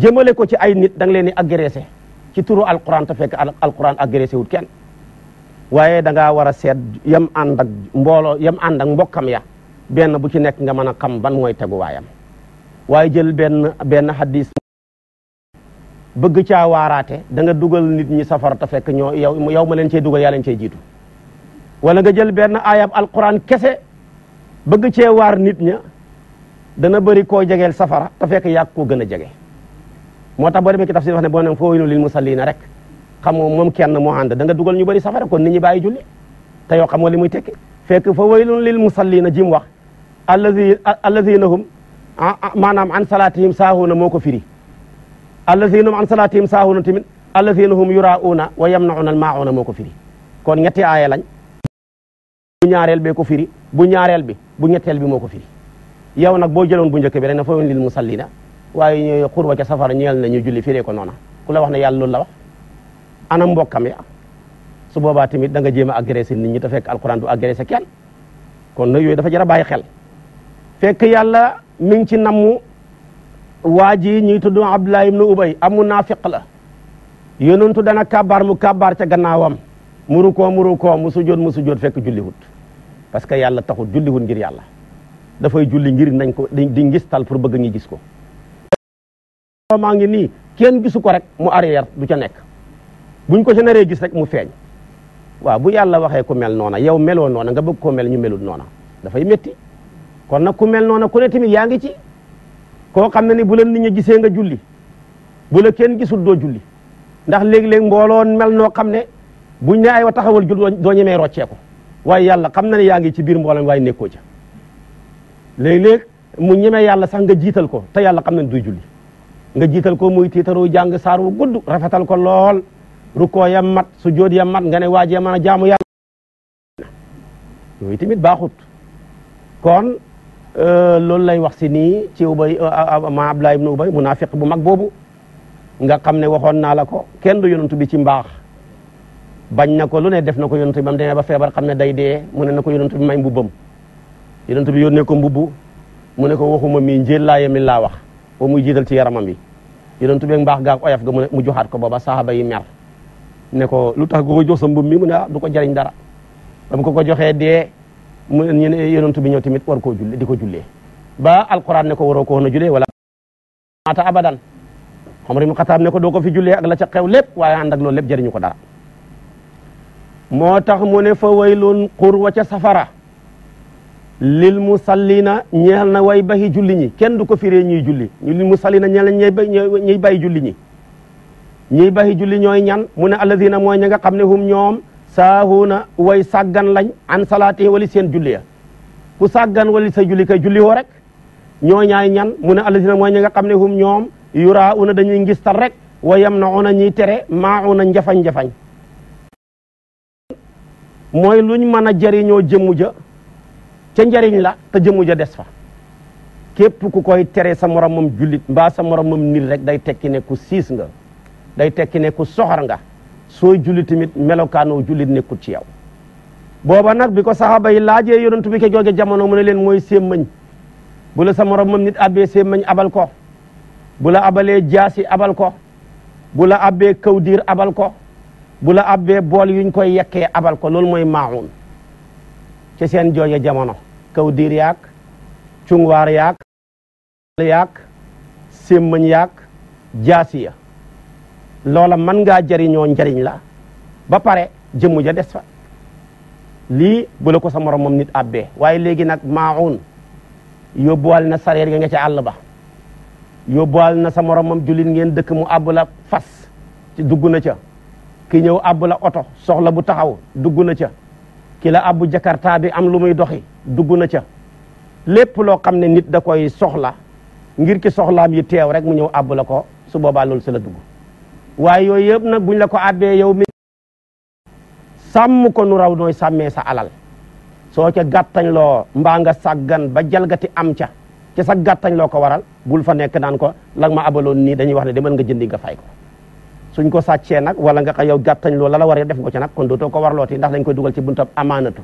jëmale ko ci ay nit da nga leen di agressé ci turu alquran te fekk alquran agressé wut kenn waaye da ngaa war a seet yam ànd ak mbooloo yam ànd ak mbokkam ya benn bu ci nekk nga mën a xam ban mooy teguwaayam waaye jël benn benn xadis bëgg caa waaraate da dugal nit ñi safara ta fekk ñoo yow yow ma leen cee dugal yaa leen cee jiitu wala nga jël benn ayab alquran kese bëgg cee waar nit ña dana bari koo jegeel safara ta fekk yàgg koo gën a jege moo tax boo demee ci tafsir wax ne boo ne foo winu lil musallina rek xam nga moom kenn moo ànd da nga dugal ñu bari safara ko nit ñi bàyyi julli te yow xam nga li muy tekki fekk fa waylun lil musallina jim wax allazi allazina hum Ah, ah, maanaam an salaatihim saahuuna moo ko firi allazina hum an salaatihim saahuuna tamit allazina hum yuraa'uuna wa yamna'uuna al-maa'uuna moo ko firi kon ñetti aaya lañ bu ñaareel bee ko firi bu ñaareel bi bu ñetteel bi moo ko firi yow nag boo jëloon bu njëkk bi rek na fayoon lil musallina waaye ñooy xurwa ca safara ñeel na ñu julli firee ko noona ku la wax ne yàlla loolu la wax anam mbokkam ya su boobaa tamit da nga jéem a nit ñi te fekk alquran du agressé kenn kon nag yooyu dafa jar a bàyyi xel mi ngi ci namm waa ji ñuy tudd Abdullah ibnu Ubay am munaafiq la yonentu dana kàbbaar mu kabaar ca gannaawam muru koo muru koo mu sujjóot mu sujjóot fekk julliwut parce que yàlla taxul julliwut ngir yàlla dafay julli ngir nañ ko di ngistal pour bëgg ñu gis ko maa ngi nii kenn gisu ko rek mu arrière du ca nekk buñ ko généré gis rek mu feeñ waaw bu yàlla waxee ku mel noona yow meloo noona nga bëgg ko mel ñu melut noona dafay métti kon nag ku mel noonu ku ne tamit yaa ngi ci koo xam ne ni bu la nit ñi gisee nga julli bula la kenn gisul doo julli ndax léegi-léeg mbooloo mel noo xam ne buñ ne ay wa taxawal jul doo ñemee roccee ko waaye yàlla xam na ne yaa ngi ci biir mbooloo mi waaye nekkoo ca léegi-léeg mu ñemee yàlla sax nga jiital ko te yàlla xam na ne duy julli nga jiital ko muy tiitaroo jàng saar wu gudd rafetal ko lool rukkoo ya mat su jóot ya mat nga ne waajee mën a jaamu yàlla yooyu tamit baaxut kon Euh, loolu lay wax si nii ci ubay euh, ma abdullah ibnu ubay munaafiq bu mag boobu nga xam ne waxoon naa la ko kenn du yonantu bi ci mbaax bañ na ko lu ne def na ko yonantu bi ba mu feebar xam ne day dee mu na ko yonantu bi may mbubbam yonantu bi yónnee ko mbubbu mu ne ko waxuma mi njël laa mi laa wax ba mu jiital ci yaramam bi yonantu bi mbaax gaak oyof ga mu joxaat ko ba saxaaba yi mer ne ko lu tax goo jox mbub mi mu ah du ko jariñ dara ba mu ñu bi ñëw tamit war koo julli di ko jullee ba alquran ne ko waroo a jullee wala maata abadan Omar ibn ne ko doo ko fi jullee ak la ca xew lépp waaye ànd ak loolu ko dara moo tax mu ne fa waylun xur wa ca safara lil musallina ñeel na way bayi julli ñi kenn du ko firee ñuy julli lil musallina ñeel na ñuy bay julli ñi ñuy bayi julli ñooy ñan mu ne alladina mooy ña nga xam ne hum ñoom saahuuna way sàggan lañ an salaati wali seen julli ya ku sàggan wali sa julli kay julli woo rek ñoo ñaay ñan mu ne allazina mooy ñi nga xam ne hum ñoom yurauna dañuy ngistal rek wa yamnauna ñiy tere mauna njafañ-njafañ mooy luñ mën a jëriñoo jëmmu ja ca njëriñ la te jëmmu ja des fa képp ku koy tere sa moromam jullit mbaa sa moromam nit rek day tekki ne ku siis nga day tekki ne ku soxor nga sooy julli tamit melokaanoo julit nekkul ci yow booba nag bi ko saxaaba yi laajee yonentu bi ko jooge jamono mu ne leen mooy sémmañ bu la sa morom moom nit abbee sémmañ abal ko bu abalee jaasi abal ko bu la abbee kawdiir abal ko bu abbee bool yuñ koy yekkee abal ko loolu mooy maawun ci seen jooje jamono kawdir yaak cungwaar yaak yaak sémmañ yaak jaasi ya loola man ngaa jariñoo njëriñ la ba pare jëmm ja des fa lii bu la ko sa morom moom nit abbee waaye léegi nag maawun yóbbuwal na sareer nga nga àll ba yóbbuwal na sa morom moom jullit ngeen dëkk mu àbb la fas ci dugg na ca ki ñëw àbb la oto soxla bu taxaw dugg na ca ki la àbbu jakarta bi am lu muy doxi dugg na ca lépp loo xam ne nit da koy soxla ngir ki soxlaam yi teew rek mu ñëw àbb la ko su boobaa loolu si la dugg waaye yooyu yëpp nag buñ la ko àddee yow mi sàmm ko nu raw nooy sàmmee sa alal soo ca gàttañ loo mbaa nga sàggan ba jalgati am ca ci sa gàttañ loo ko waral bul fa nekk naan ko la ma abaloon nii dañuy wax ne demal nga jëndi nga fay ko suñ ko sàccee nag wala nga yow gàttañ loo la la war def nga ca nag kon dootoo ko ti ndax dañ koy dugal ci buntab amaanatu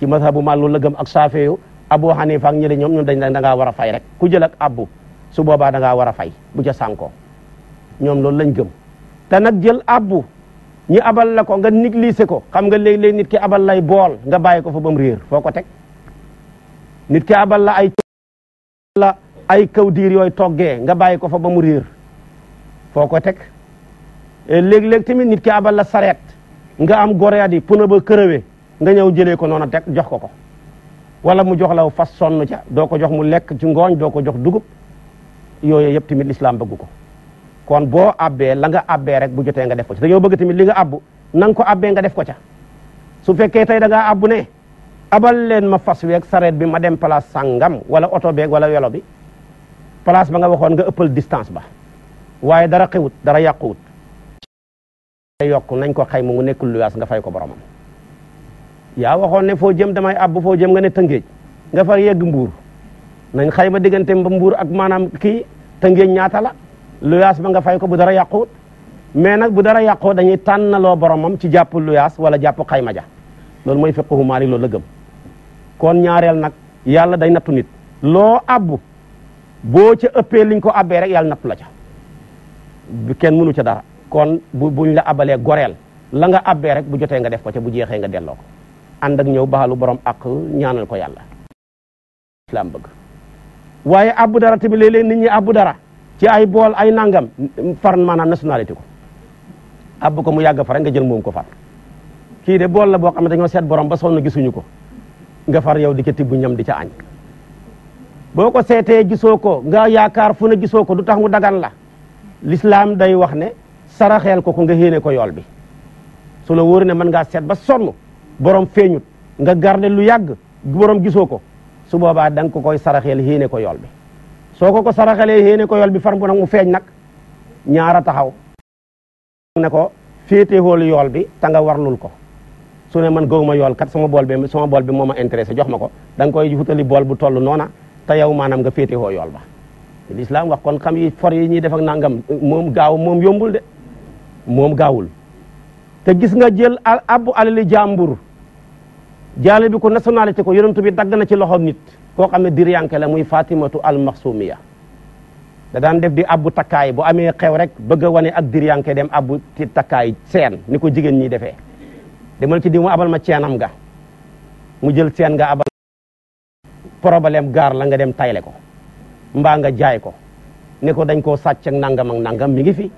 ci mazhabu ma loolu la gëm ak saafeyu abu hanifa ak ñële ñoom ñun dañ da ngaa war a fay rek ku jël ak abbu su boobaa da war a fay bu sànkoo ñoom loolu lañ gëm te nag jël abbu ñi abal la ko nga négliger ko xam nga léeg-léeg nit ki abal lay bool nga bàyyi ko fa ba mu réer foo ko teg nit ki abal la ay la ay kaw yooyu toggee nga bàyyi ko fa ba mu réer foo ko teg léeg-léeg tamit nit ki abal la sareet nga am goreadi puna ba kërëwe nga ñëw jëlee ko noonu teg jox ko ko walla mu jox la fas sonn ca doo ko jox mu lekk ci ngooñ doo ko jox dugub yooyu yëpp tamit lislaam bëgg ko kon boo abbee la nga abbee rek bu jotee nga def ko ca dañoo bëgg tamit li nga abbu na nga ko abbee nga def ko ca su fekkee tey danga ngaa abbu ne abal leen ma fas week sareet bi ma dem place sàngam wala oto beeg wala welo bi place ba nga waxoon nga ëppal distance ba waaye dara xewut dara yàquwut yokk nañ ko xayma mu nekkul luyaas nga fay ko boromam yaa waxoon ne foo jëm damay abbu foo jëm nga ne tëngéej nga far yegg mbuur nañ xayma diggante mbuur ak maanaam kii tëngéej ñaata la luyaas ba nga fay ko bu dara yàquwut mais nag bu dara yàqoo dañuy na tànnaloo boromam ci jàpp luyaas wala jàpp xayma ja loolu mooy fiqhu Maalik loolu la gëm kon ñaareel nag yàlla day nattu nit loo abbu boo ci ëppee liñ ko abbee rek yàlla nattu la ca kenn mënu ca dara kon bu buñ la abalee goreel la nga abbee rek bu jotee nga def ko ca bu jeexee nga delloo ko ànd ak ñëw baalu borom ak ñaanal ko yàlla islam bëgg waaye abbu dara tamit léeg-léeg nit ñi abbu ci ay bool ay nangam far maanaam nationalité ko àbb ko mu yàgg far nga jël moom ko far kii de bool la boo xam ne dañoo seet borom ba sonn gisuñu ko nga far yow di ca tibb ñam di ca añ boo ko seetee gisoo ko nga yaakaar fu ne gisoo ko du tax mu dagan la l'islam day wax ne saraxeel ko ko nga yéene ko yool bi su la wóor ne mën ngaa seet ba sonn borom feeñut nga garde lu yàgg borom gisoo ko su boobaa da ko koy saraxeel yéene ko yool bi soo ko ko saraxalee yéene ko yool bi far bu nag mu feeñ nag ñaara taxaw ne ko féete xool yool bi ta nga warlul ko su ne man gawuma yool kat sama bool bi sama bool bi moo ma intéressé jox ma ko danga koy wutali bool bu toll noona te yow maanaam nga féete xool yool ba lislaam wax kon kam yi for yi ñuy def ak nangam moom gaaw moom yombul de moom gaawul te gis nga jël abbu alali jàmbur jaale ko nationalité ko yonentu bi dagg na ci loxo nit koo xam ne diryanke la muy fatimatu almaxsumiya da daan def di abbu takkaay bu amee xew rek bëgg a wane ak diryanke dem abbu ci takkaay seen ni ko jigéen ñi defee demal ci di mu abal ma ceenam ga mu jël seen nga abal problème gaar la nga dem tayle ko mbaa nga jaay ko ne ko dañ koo sàcc ak nangam ak nangam mi ngi fi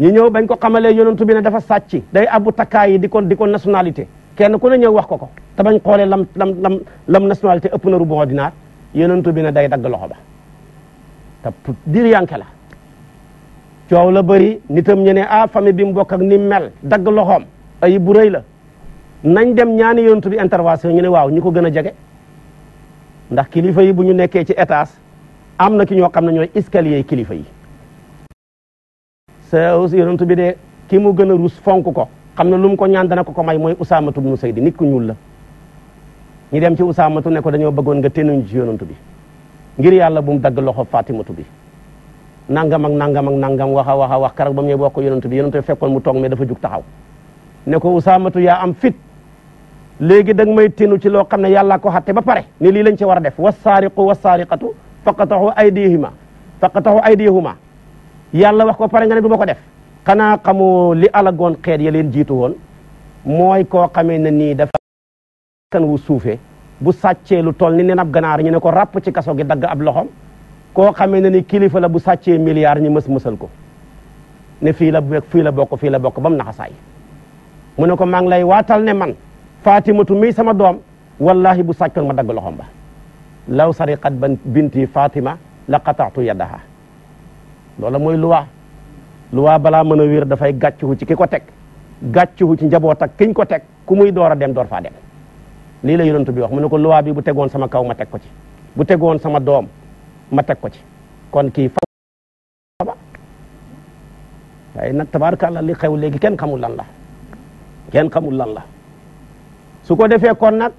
ñu ñëw bañ ko xamalee yonentu bi na dafa sàcc day abbu takkaay yi di ko di ko nationalité kenn ku ne ñëw wax ko ko te bañ xoolee lam lam lam lam nationalité ëpp na rubu dinaar yonent bi ne day dagg loxo ba te dir yanke la coow la bëri nitam ñu ne ah famille bi mu bokk ak ni mel dagg loxoom ay bu rëy la nañ dem ñaani yonent bi intervention ñu waaw ñi ko gën a jege ndax kilifa yi bu ñu nekkee ci etaas am na ki ñoo xam ne ñooy escalier kilifa yi sa yonent bi de ki mu gën a rus fonk ko xam na lu mu ko ñaan dana ko ko may mooy usaamatu ibnu saydi nit ku ñuul la ñu dem ci usaamatu ne ko dañoo bëggoon nga tenuñ ci yonantu bi ngir yàlla bu mu dagg loxo fatimatu bi nangam ak nangam ak nangam wax a wax a wax karak ba mu ñëw bokk yonantu bi yonantu bi fekkoon mu toog mais dafa jug taxaw ne ko usaamatu yaa am fit léegi dang may tinu ci loo xam ne yàllaa ko xatte ba pare ni lii lañ ci war a def wasaariqu wasaariqatu faqatahu aydihima faqatahu aydihuma yàlla wax ko pare nga ne ma ko def xanaa xamoo li alagoon xeet ya jiitu woon mooy koo xamee ne nii dafa kan wu suufe bu sàccee lu toll ni nen ab ganaar ñu ne ko ràpp ci kaso gi dagg ab loxom koo xamee ne ni kilifa la bu sàccee milliard ñu mas masal ko ne fii la la bokk fii la bokk bam mu naxasaay mu ne ko maa ngi lay waatal ne man fatimatu mii sama doom wallahi bu sàccoon ma dagg loxom ba law sariqat ban binti fatima la qataatu yadaha loola mooy luwaa luwaa balaa mën a wiir dafay gàccuhu ci ki ko teg gàccuhu ci njaboot ak kiñ ko teg ku muy door a dem door faa dem lii la yonent bi wax ne ko luwaa bi bu tegoon sama kaw ma ko ci bu tegoon sama doom ma teg ko ci kon kii faaba waaye li xew léegi kenn xamul lan la kenn xamul lan la su ko defee kon nag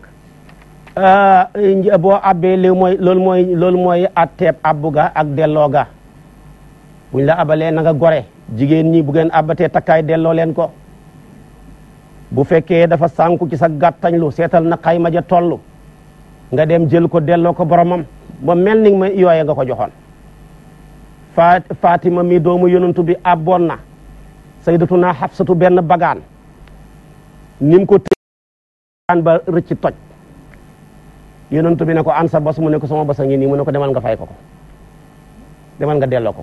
euh, boo abbee li mooy loolu mooy loolu mooy atteeb ak delloo ga buñ la abalee na gore jigéen ñi bu ngeen abbatee takkaay delloo leen ko bu fekkee dafa sànku ci sa gàttañ lu seetal na xayma ja toll nga dem jël ko delloo ko boromam ba mel ni ma yooye nga ko joxoon fa mii mi doomu yonantu bi abboon na sayyidatuna Xafsatu benn bagaan ni ko tëaan ba rëcc toj yonantu bi ne ko an sa bos mu ne ko sama bos a ngi nii mu ne ko demal nga fay ko ko demal nga delloo ko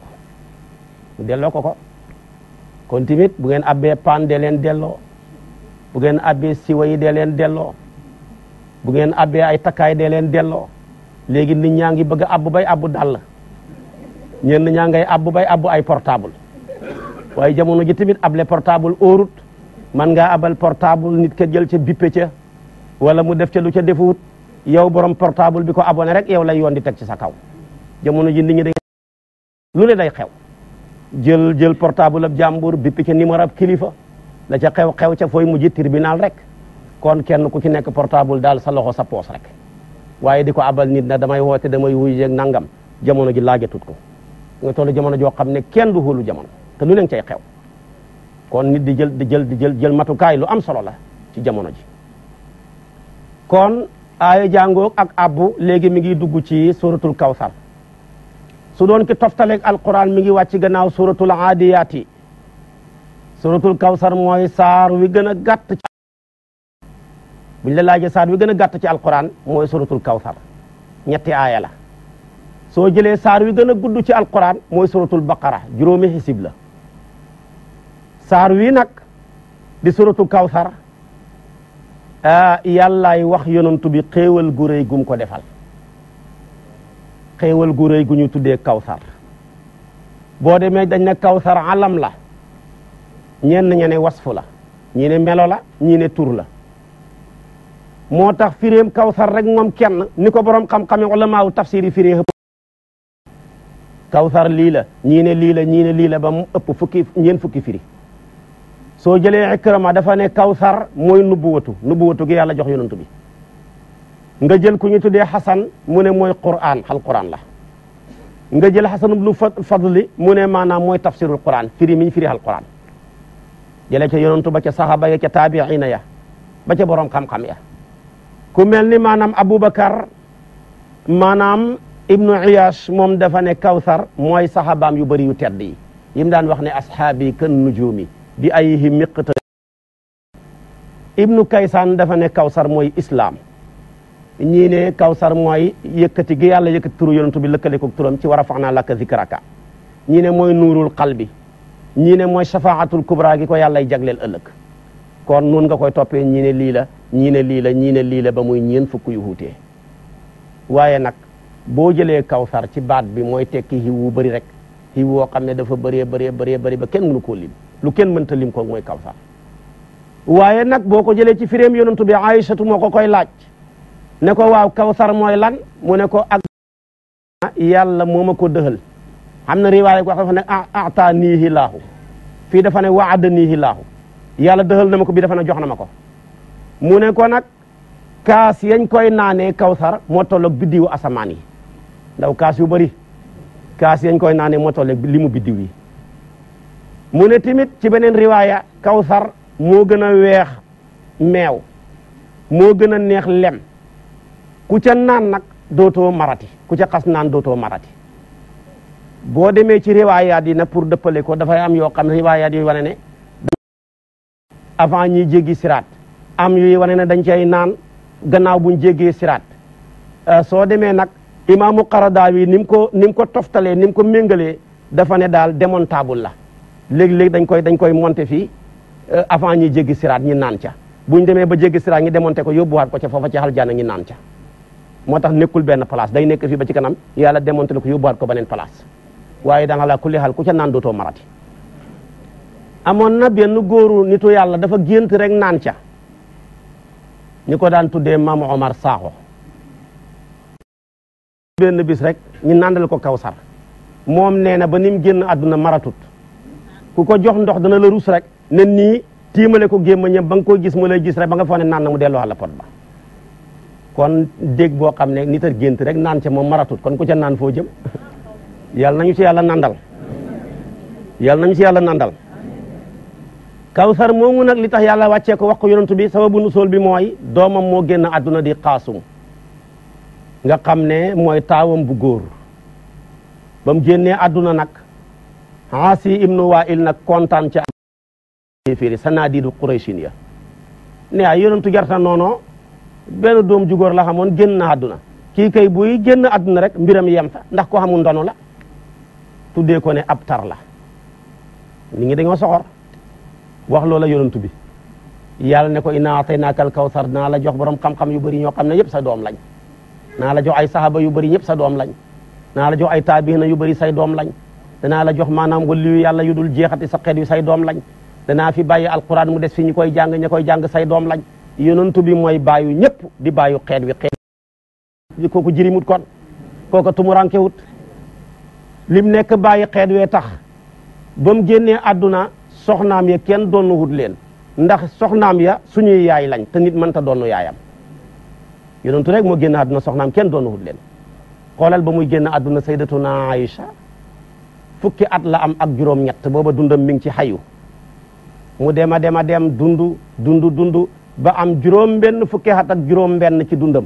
ko delloo ko ko kon tamit bu ngeen abbee paan leen delloo bu ngeen abbee siwa yi de leen delloo bu ngeen abbee ay takkaay de leen delloo léegi nit ñaa ngi bëgg a abbu bay abbu dàll ñenn ñaa ngay abbu bay abbu ay portable waaye jamono ji tamit able portable óorut man ngaa abal portable nit ka jël ca bippe ca wala mu def ca lu ca defuut yow borom portable bi ko abone rek yow lay yoon di teg ci sa kaw jamono ji nit ñi da lu ne day xew jël jël portable ab jàmbur bippi ca numéro ab kilifa la ca xew xew ca fooy mujj tribunal rek kon kenn ku ci nekk portable daal sa loxo sa poos rek waaye di ko abal nit na damay woote damay wuy nangam jamono ji laajatut ko nga toll jamono joo xam ne kenn du xóolu jamono te lu leen cay xew kon nit di jël di jël di jël jël matukaay lu am solo la ci jamono ji kon aaya jàngoog ak abbu léegi mi ngi dugg ci sooratul kawsar su doon ki toftaleeg alquran mi ngi wàcc gannaaw suratul aadiyaat yi suratul kawsar mooy saar wi gën a gàtt ci buñ la laajee gën a gàtt ci alquran mooy suratul kawsar ñetti aaya la soo jëlee saar wi gën a gudd ci alquran mooy suratul baqara juróomi xisib sibla saar wi nag di suratul kawsar ah, yàllaay wax yonantu bi xéewal gu rëy gum ko defal xéewal gu rëy gu ñuy tuddee kawsar boo demee dañ ne kawsar alam la ñeen ña ne wasfu la ñi ne melo la ñi ne tur la moo tax firéem kawsar rek moom kenn ni ko boroom xam-xame wala maaw tafsir yi firée ëpp kawsar lii la ñii ne lii la ñii ne lii la ba mu ëpp fukki ñeen fukki firi soo jëlee ikrama dafa ne kawsar mooy nubbuwatu nubbuwatu gi yàlla jox yonantu bi nga jël ku ñu tuddee xasan mu ne mooy qur'an xal qur'an la nga jël xasan ibnu fadli mu ne maanaam mooy tafsirul qur'an firi miñ firi xal qur'an jëlee ca yonantu ba ca saxaba ya ca taabiina ya ba ca borom xam-xam ya ku mel ni maanaam aboubacar maanaam ibnu iyaas moom dafa ne kawsar mooy saxabaam yu bari yu tedd yi yim daan wax ne ashaabi kan nujuumi bi ayihim miqta ibnu kaysaan dafa ne kawsar mooy islam ñii ne kawsar mooy yëkkati gi yàlla yëkkati turu yonentu bi lëkkale ko turam ci war a fax naa lakka zikraka ñii ne mooy nuurul qalbi ñii ne mooy shafaatul kubra gi ko yàllay jagleel ëllëg kon nun nga koy toppee ñii ne lii la ñii ne lii la ñii ne lii la ba muy ñeen fukk yu wuutee waaye nag boo jëlee kawsar ci baat bi mooy tekki xiw wu bëri rek xiw woo xam ne dafa bëree bëree bëree bëri ba kenn mënu koo lim lu kenn mënta lim ko mooy kawsar waaye nag boo ko jëlee ci firéem koy laaj ne ko waaw kawsar mooy lan mu ne ko ak yàlla moo ma ko dëxal xam na riwaaya wax dafa ne ah, ata niihi laahu fii dafa ne waada niihi laahu yàlla dëxal na ma ko bi dafa ne jox na ma ko mu ne ko nag kaas yañ koy naanee kawsar moo tolloog biddiwu asamaan yi ndaw kaas yu bari kaas yañ koy naanee moo tolloog li mu biddiw yi mu ne tamit ci beneen riwaaya kawsar moo gën a weex meew moo gën a neex lem ku ca naan nag dootoo marati ku ca xas naan dootoo marati boo demee ci riwaayaat yi nag pour dëppale ko dafay am yoo xam ne riwaayaat yuy wane ne avant ñuy jéggi siraat am yuy wane ne dañ cay naan gannaaw buñ jéggee siraat euh, soo demee nag imaamu Qaradaawi ni mu ko ni mu ko toftalee ni mu ko méngalee dafa ne daal démontable la léegi-léegi dañ koy dañ koy monter fii euh, avant ñuy jéggi siraat ñi naan ca buñ demee ba jéggi siraat ñi démonter ko yóbbuwaat ko ca foofa ci xal jaana naan ca moo tax nekkul benn place day nekk fii ba ci kanam yàlla démonté ko yóbbuwaat ko beneen place waaye danga laa kulli xaal ku ca naan dootoo marati amoon na benn góoru nitu yàlla dafa gént rek naan ca ñi ko daan tuddee maam Omar Sakho benn bis rek ñu nandal ko kawsar moom nee na ba ni mu génn àdduna maratut ku ko jox ndox dana la rus rek ne nii tiimale ko gémmañam ba nga koo gis mu lay gis rek ba nga foog ne naan na mu delloo la pot ba kon dégg boo xam ne nit a gént rek naan ca moom maratut kon ku ca naan foo jëm yàlla nañu ci yàlla nandal yàlla nañu ci yàlla nandal kawsar moomu nag li tax yàlla wàccee ko wax ko yonentu bi sababu nusool bi mooy doomam moo génn àdduna di xaasum nga xam ne mooy taawam bu góor bam mu génnee àdduna nag Aasi ibnu Waa'il nag kontaan ca fiiri sanadiidu Qurayshin ya ne ay yonentu jarta noono benn doom ju góor la xamoon génn na àdduna kii kay buy génn àdduna rek mbiram yem ndax ko xamul ndono la tuddee ko ne ab tar la nit ñi dañoo soxor wax loola yonent bi yàlla ne ko inna ataynaaka al kawsar naa la jox borom xam-xam yu bëri ñoo xam ne yëpp sa doom lañ naa la jox ay sahaba yu bëri ñëpp sa doom lañ naa la jox ay taabiina yu bëri say doom lañ danaa la jox maanaam waliyu yàlla yu dul jeexati sa xeet yu say doom lañ danaa fi bàyyi alquran mu des fi ñu koy jàng ña koy jàng say doom lañ yonantu bi mooy baayu ñëpp di baayu xeet wi xeet kooku jirimut kon kooku tumurankewut lim nekk bàyyi xeet wee tax ba mu génnee àdduna soxnaam ya kenn doonu wut leen ndax soxnaam ya suñuy yaay lañ te nit mënta doonu yaayam yonentu rek moo génn àdduna soxnaam kenn doonu wut leen xoolal ba muy génn àdduna sayyidatuna Aïcha fukki at la am ak juróom-ñett booba dundam mi ngi ci xayu mu dem a dem a dem dund ba am juróom benn fukki at ak juróom benn ci dundam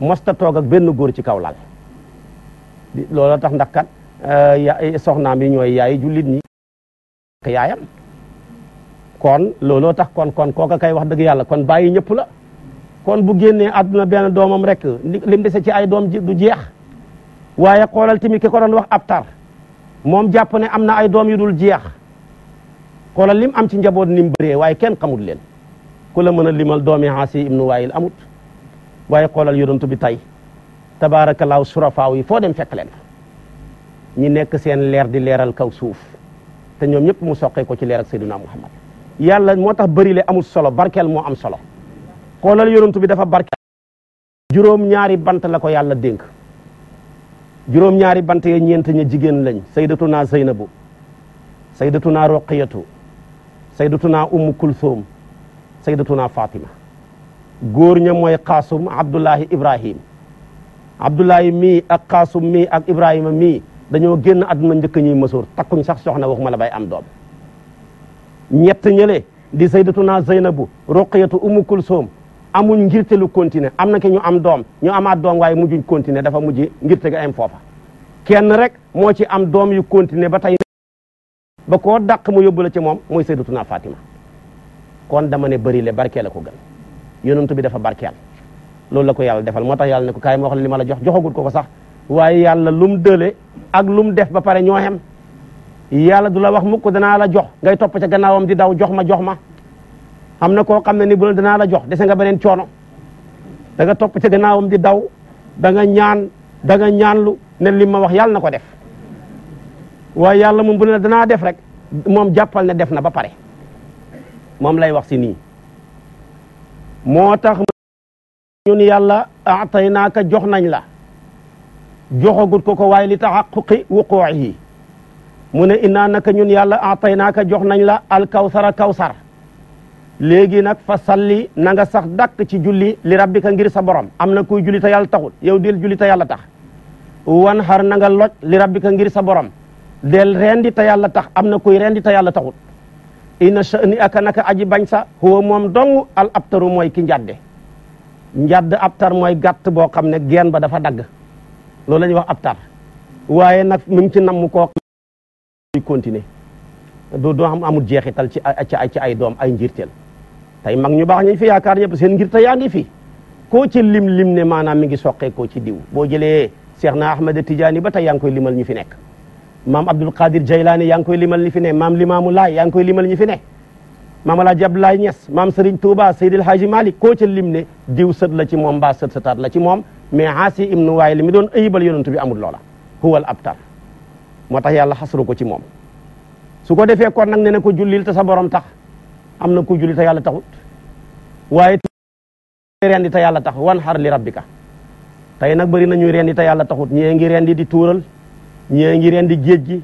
mosta toog ak benn góor ci kaw lal looloo tax ndax kat euh, eh, soxnaam yi ñooy yaay jullit ñi ak yaayam kon looloo tax kon kon kooka kay wax dëgg yàlla kon bàyyi ñëpp la kon bu génnee àdduna benn doomam rek lim dese ci ay doom du jeex waaye xoolal tamit ki ko doon wax abtar moom jàpp ne am na ay doom yu dul jeex xoolal lim am ci njaboot ni mu bëree waaye kenn xamul leen ku la mën a limal doomi Aasi ibnu Waayil amut waaye xoolal yonantu bi tay tabaarakallaahu surafaaw yi foo dem fekk leen ñi nekk seen leer di leeral kaw suuf te ñoom ñëpp mu soqee ko ci leer ak Seydina Muhammad yàlla moo tax bëri le amul solo barkeel moo am solo xoolal yonantu bi dafa barkeel juróom ñaari bant la ko yàlla dénk juróom ñaari bant ya ñeent ña jigéen lañ saydatuna Zaynabu saydatuna Roqiyatu saydatuna Ummu Kulthum saydatuna fatima góor ña mooy xaasum abdullahi ibrahim abdullahi mii ak xaasum mi ak ibrahima mii dañoo génn àdduna njëkk ñuy mësuur takkuñ sax soxna waxuma la bay am doom ñett ñële di saydatuna zeynabu roqiyatu umu kulsoom amuñ ngirte lu continuer am na ke ñu am doom ñu amaat doom waaye mujjuñ continuer dafa mujj ngirte ga am foofa kenn rek moo ci am doom yu continuer ba tey ba koo dàq mu yóbbu la ci moom mooy saydatuna fatima kon dama ne bari le barkeel la ko gën yonent bi dafa barkeel loolu la ko yàlla defal moo tax yàlla ne ko kaay ma wax la li ma la jox joxagut ko ko sax waaye yàlla lum dële ak lum def ba pare ñoo xem yàlla du la wax mukk danaa la jox ngay topp ca gannaawam di daw jox ma jox ma am na koo xam ne ni bu la danaa la jox dese nga beneen coono da nga topp ca gannaawam di daw danga ñaan danga ñaanlu ne li ma wax yàlla na ko def waaye yàlla moom bu ne danaa def rek moom jàppal ne def na ba pare moom lay wax si moo tax ñun yàlla ataynaaka jox nañ la joxagut ko ko waaye li taxaquqi wuquuhi mu ne innaa naka ñun yàlla ka jox nañ la alkawsara kawsar léegi nag fa salli na nga sax dàkk ci julli li rabbika ngir sa borom am na koy julli te yàlla taxul yow del julli te yàlla tax wan xar na nga loj li rabbika ngir sa borom del rendi te yàlla tax am na kuy rendi te yàlla taxul ina sha'ni aka naka aji bañ sa moom dong al abtaru mooy ki njadde njadd abtar mooy gàtt boo xam ne gen ba dafa dagg loolu la ñuy wax abtar waaye nag mu ngi ci namm koo xam continuer du doo xam amul jeexital ci ay ci ay doom ay njirteel tey mag ñu baax ñu fi yaakaar yëpp seen ngir te yaa ngi fi koo ci lim lim ne maanaam mi ngi soqee koo ci diw boo jëlee Cheikh na Ahmed Tidiane ba tey yaa ngi koy limal ñu fi nekk maam Abdul Qadir Jaylaani yaa limal ñi fi ne maam Limaamu Laay yaa ngi koy limal ñi fi ne maam Alaaji Abdoulaye Niass maam Serigne Touba Malik koo ca lim ne diw sët la ci moom mbaa sa taat la ci moom mais Aasi ibnu Waayil mi doon ayibal yonent bi amul loola huwal abtar moo tax yàlla xasru ko ci moom su ko defee kon nag ne na ko jullil ta sa borom tax am na ko julli ta yàlla taxut waaye di te yàlla tax wan xar li rabbika tey nag bari na ñuy rendi te yàlla taxut ñee ngi di tuural ñee ngi rendi géej gi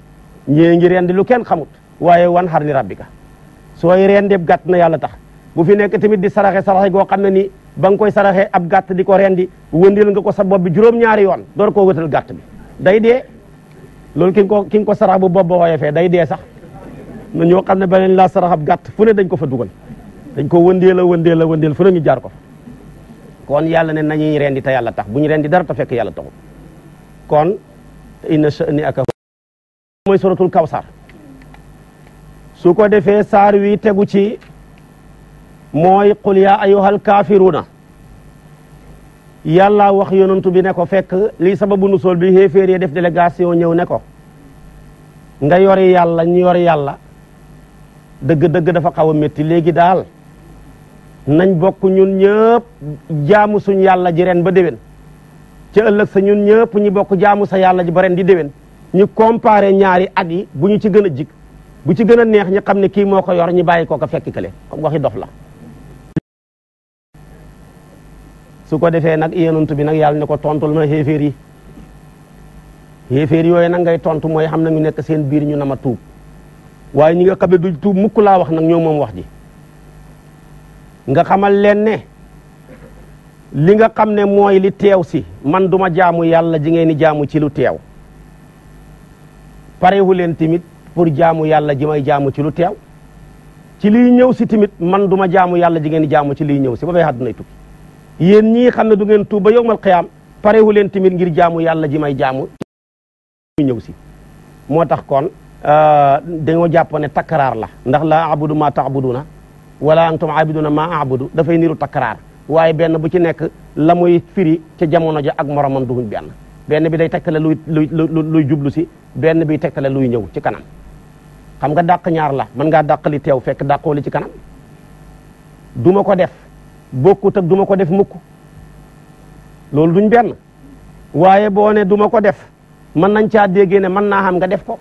ñee ngi rendi lu kenn xamut waaye wan xar li rabbika sooy rendi ab gàtt na yàlla tax bu fi nekk tamit di saraxe saraxe goo xam ne ni ba nga koy saraxe ab gàtt di ko rendi wëndeel nga ko sa bopp bi juróom-ñaari yoon door koo wëtal gàtt bi day dee loolu ki ko ki nga ko sarax bu bopp ba wooyee fee day dee sax na ñoo xam ne ba laa sarax ab gàtt fu ne dañ ko fa dugal dañ ko wëndeel a wëndeel a wëndeel fu ne ñu jaar ko kon yàlla ne nañuy rendi te yàlla tax bu ñu rendi dara te fekk yàlla taxul inna shani'aka mooy suratul su ko defee saar wi tegu ci mooy qul yaa ayyuhal kaafiruuna yàlla wax yonantu bi ne ko fekk lii sababu sol bi xéeféer yi def délégation ñëw ne ko nga yori yàlla ñu yori yàlla dëgg-dëgg dafa xaw a metti léegi daal nañ bokk ñun ñëpp jaamu suñ yàlla ji ba déwén ci ëllëg sa ñun ñëpp ñu bokk jaamu sa yàlla ji ba ren di déwén ñu comparé ñaari at yi bu ñu ci gën a jig bu ci gën a neex ñu xam ne kii moo ko yor ñi bàyyi koo ko fekk kale comme waxi dof la su ko defee nag yonent bi nag yàlla ne ko tontul ma xéeféer yi xéeféer yooyu nag ngay tontu mooy xam na ñu nekk seen biir ñu nama tuub waaye ñi nga xam du duñ tuub mukk laa wax nag ñoo moom wax ji nga xamal leen ne li nga xam ne mooy li teew si man duma jaamu yàlla ji ngeen di jaamu ci lu teew parewu leen tamit pour jaamu yàlla ji may jaamu ci lu teew ci liy ñëw si tamit man duma jaamu yàlla ji ngeen di jaamu ci liy ñëw si ba fay àddunay tukki yéen ñii xam ne du ngeen tuub ba yowmal xiyaam parewu leen tamit ngir jaamu yàlla ji may jaamu ñëw si moo tax kon euh, dañoo jàpp ne takkaraar la ndax la abudu ma taabuduna wala antum abiduna ma abudu dafay niru takkaraar waaye benn bu ci nekk la muy firi ca jamono ja ak moromam duguñ benn benn bi day tegtale luy luy jublu si benn bi tegtale luy ñëw ci kanam xam nga dàq ñaar la man ngaa dàq li teew fekk dàqoo ci kanam duma ko def bokkut ak duma ko def mukk loolu duñ benn waaye boo ne duma ko def mën nañ caa déggee ne mën naa xam nga def ko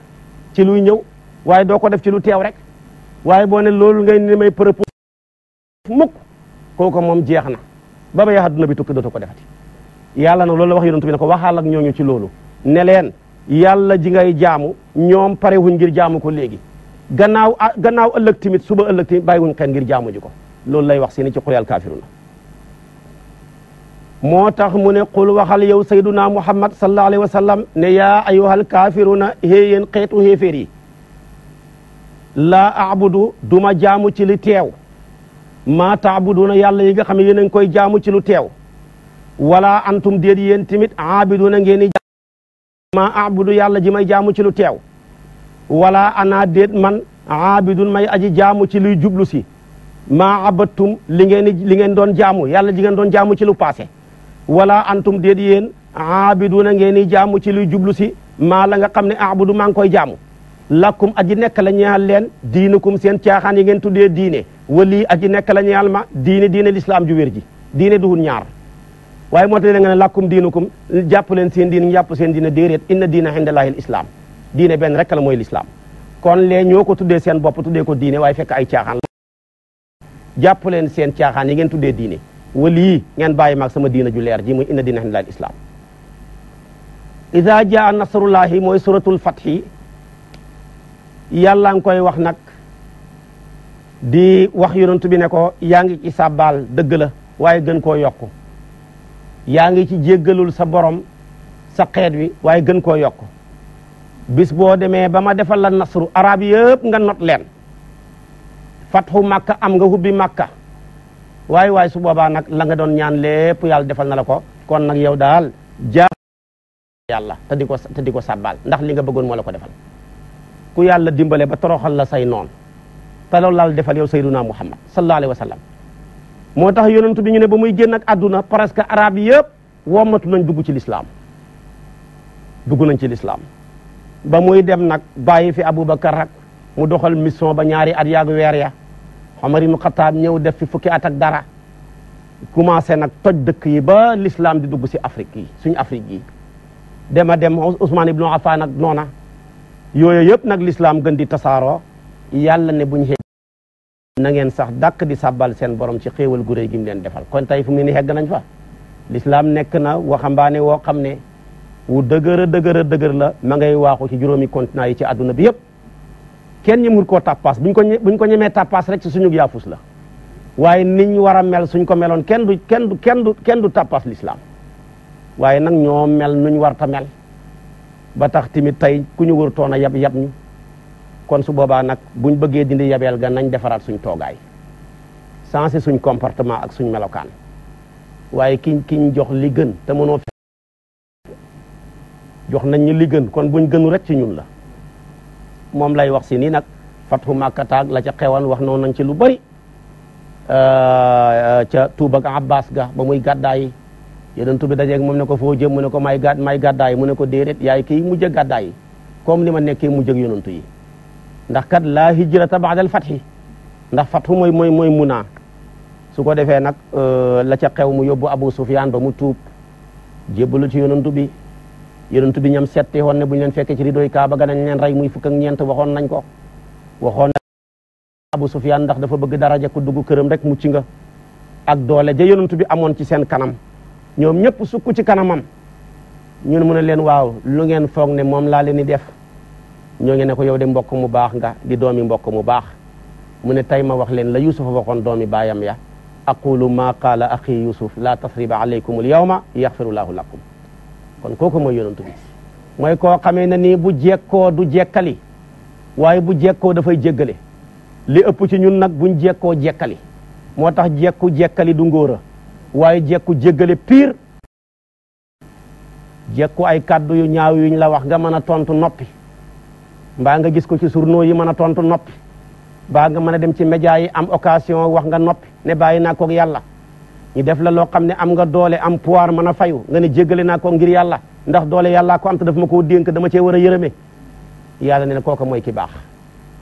ci luy ñëw waaye doo ko def ci lu teew rek waaye boo ne loolu ngay ne may propos kooku moom jeex na ba ba àdduna bi tukki doo ko defati yàlla nag loolu la wax yonent bi ne ko waxaal ak ñooñu ci loolu ne leen yàlla ji ngay jaamu ñoom pare wuñ ngir jaamu ko léegi gannaaw ah, gannaaw ëllëg suba ëllëg tamit bàyyi wuñ xel ngir jaamu ji ko loolu lay wax seeni ci xul yàl moo tax mu ne qul waxal yow sayduna muhammad sallallahu alayhi wa sallam ne yaa ayyuhal kaafiruna xéeyéen xeetu xéeféer yi laa abudu duma jaamu ci li teew maa taabuduuna yàlla yi nga xam ne yéen a koy jaamu ci lu teew wala antum déet yéen tamit aabiduuna ngeen di maa aabudu yàlla ji may jaamu ci lu teew wala ana déet man aabidun may aji jaamu ci luy jublu si maa abattum li ngeen li ngeen doon jaamu yàlla ji ngeen doon jaamu ci lu passé wala antum déet yéen aabiduuna ngeen di jaamu ci luy jublu si ma la nga xam ne aabudu maa ngi koy jaamu lakkum aji nekk la ñaal leen diinukum seen caaxaan yi ngeen tuddee diine wali aji nekk la ñeel ma diine diine lislaam ju wér ji diine duhun ñaar waaye moo tax da nga ne làkkum diinukum jàpp leen seen diine jàpp seen diine déeréet inna diina indallaahi lislaam diine benn rek la mooy lislaam kon lee ñoo ko tuddee seen bopp tuddee ko diine waaye fekk ay caaxaan jàpp leen seen caaxaan yi ngeen tuddee diine wali ngeen bàyyi maag sama diina ju leer ji muy inna diina indallaahi lislaam ida jaa nasrullahi mooy suratul fathi yàlla nga koy wax nag di wax yonent bi ne ko yaa ngi ci sàbbaal dëgg la waaye gën koo yokk yaa ngi ci jéggalul sa borom sa xeet wi waaye gën koo yokk bis boo demee ba ma defal la nasru arab yëpp nga not leen fatxu màkka am nga hubbi màkka waaye waaye su boobaa nag la nga doon ñaan lépp yàlla defal na la ko kon nag yow daal jaa yàlla di ko te di ko sàbbaal ndax li nga bëggoon moo la ko defal ku yàlla dimbale ba toroxal la say noon te loolu laal defal yow sayyiduna muhammad sallallahu alayhi wa sallam moo tax yonentu bi ñu ne ba muy génn ak àdduna presque arab yi yëpp wommatu nañ dugg ci lislaam dugg nañ ci lislaam ba muy dem nag bàyyi fi aboubacar rak mu doxal mission ba ñaari at yaag weer ya Omar ibn ñëw def fi fukki at ak dara commencé nag toj dëkk yi ba l'islam di dugg si Afrique yi suñu Afrique yi dem a dem Ousmane ibn Affan ak noona yooyu yëpp nag lislaam gën di tasaaroo yàlla na ngeen sax dàkk di sàbbal seen borom ci xéewal gu réy gi mu leen defal kon tey fu mu ne hegg nañ fa lislaam nekk na waxambaane woo xam ne wu dëgër a dëgër dëgër la ma ngay waaxu ci juróomi continent yi ci àdduna bi yëpp kenn ñëmul koo tappaas buñ ko buñ ko ñemee tappaas rek ci suñu yaafus la waaye niñ war a mel suñ ko meloon kenn du kenn du kenn du kenn du tappaas lislaam waaye nag ñoo mel nuñ war mel ba tax tamit tey ku ñu wër toon a yab yab ñu kon su boobaa nag buñ bëggee dindi yabeel ga nañ defaraat suñ toogaay sensé suñ comportement ak suñ melokaan waaye kiñ kiñ jox li gën te mënoo jox nañ ñu li kon buñ gënu rek ci ñun la moom lay wax si nii nag fatxu màkkataag la ca xewan wax noonu nañ ci lu bari euh, ca Tuuba ak Abbas ga ba muy gàddaay yonent bi dajeeg moom ne ko foo jëm mu ne ko may gàd may gàddaay mu ne ko déedéet yaay kii mujj gàddaay comme li ma nekkee mu ak yonent yi ndax kat laa hijrata baadal fatxi ndax fatxu mooy mooy mooy munaa su ko defee nag euh, la ca xew mu yóbbu Abu Sufyaan ba mu tuub jébbalu ci yonantu bi yonantu bi ñam setti woon ne bu ñu leen fekkee ci ridoy Kaaba ga nañ leen rey muy fukk ak ñeent waxoon nañ ko waxoon Abu Sufyaan ndax dafa bëgg daraja ku dugg këram rek mucc nga ak doole ja yonantu bi amoon ci seen kanam ñoom ñëpp sukk ci kanamam ñun mu ne leen waaw lu ngeen foog ne moom laa leen di def ñoo ngi ne ko yow de mbokk mu baax nga di doomi mbokk mu baax mu ne tey ma wax leen la yusufa waxoon doomi baayam ya aqulu ma qaala axi yusuf la tasriba alaykum al yawma yaxfirullahu lakum kon kooku mooy yonantu bi mooy koo xamee na nii bu jekkoo du jekkali waaye bu jekkoo dafay jéggale li ëpp ci ñun nag buñ jekkoo jekkali moo tax jekku jekkali du ngóora waaye jekku jéggale piir jekku ay kàddu yu ñaaw yuñ la wax nga mën a tontu noppi mbaa nga gis ko ci journaux yi mën a tontu noppi mbaa nga mën a dem ci média yi am occasion wax nga noppi ne bàyyi naa koog yàlla ñu def la loo xam ne am nga doole am pouvoir mën a fayu nga ne jéggale naa ko ngir yàlla ndax doole yàllaa ko am te daf ma koo dénk dama cee war a yërëme yàlla ne na kooka mooy ki baax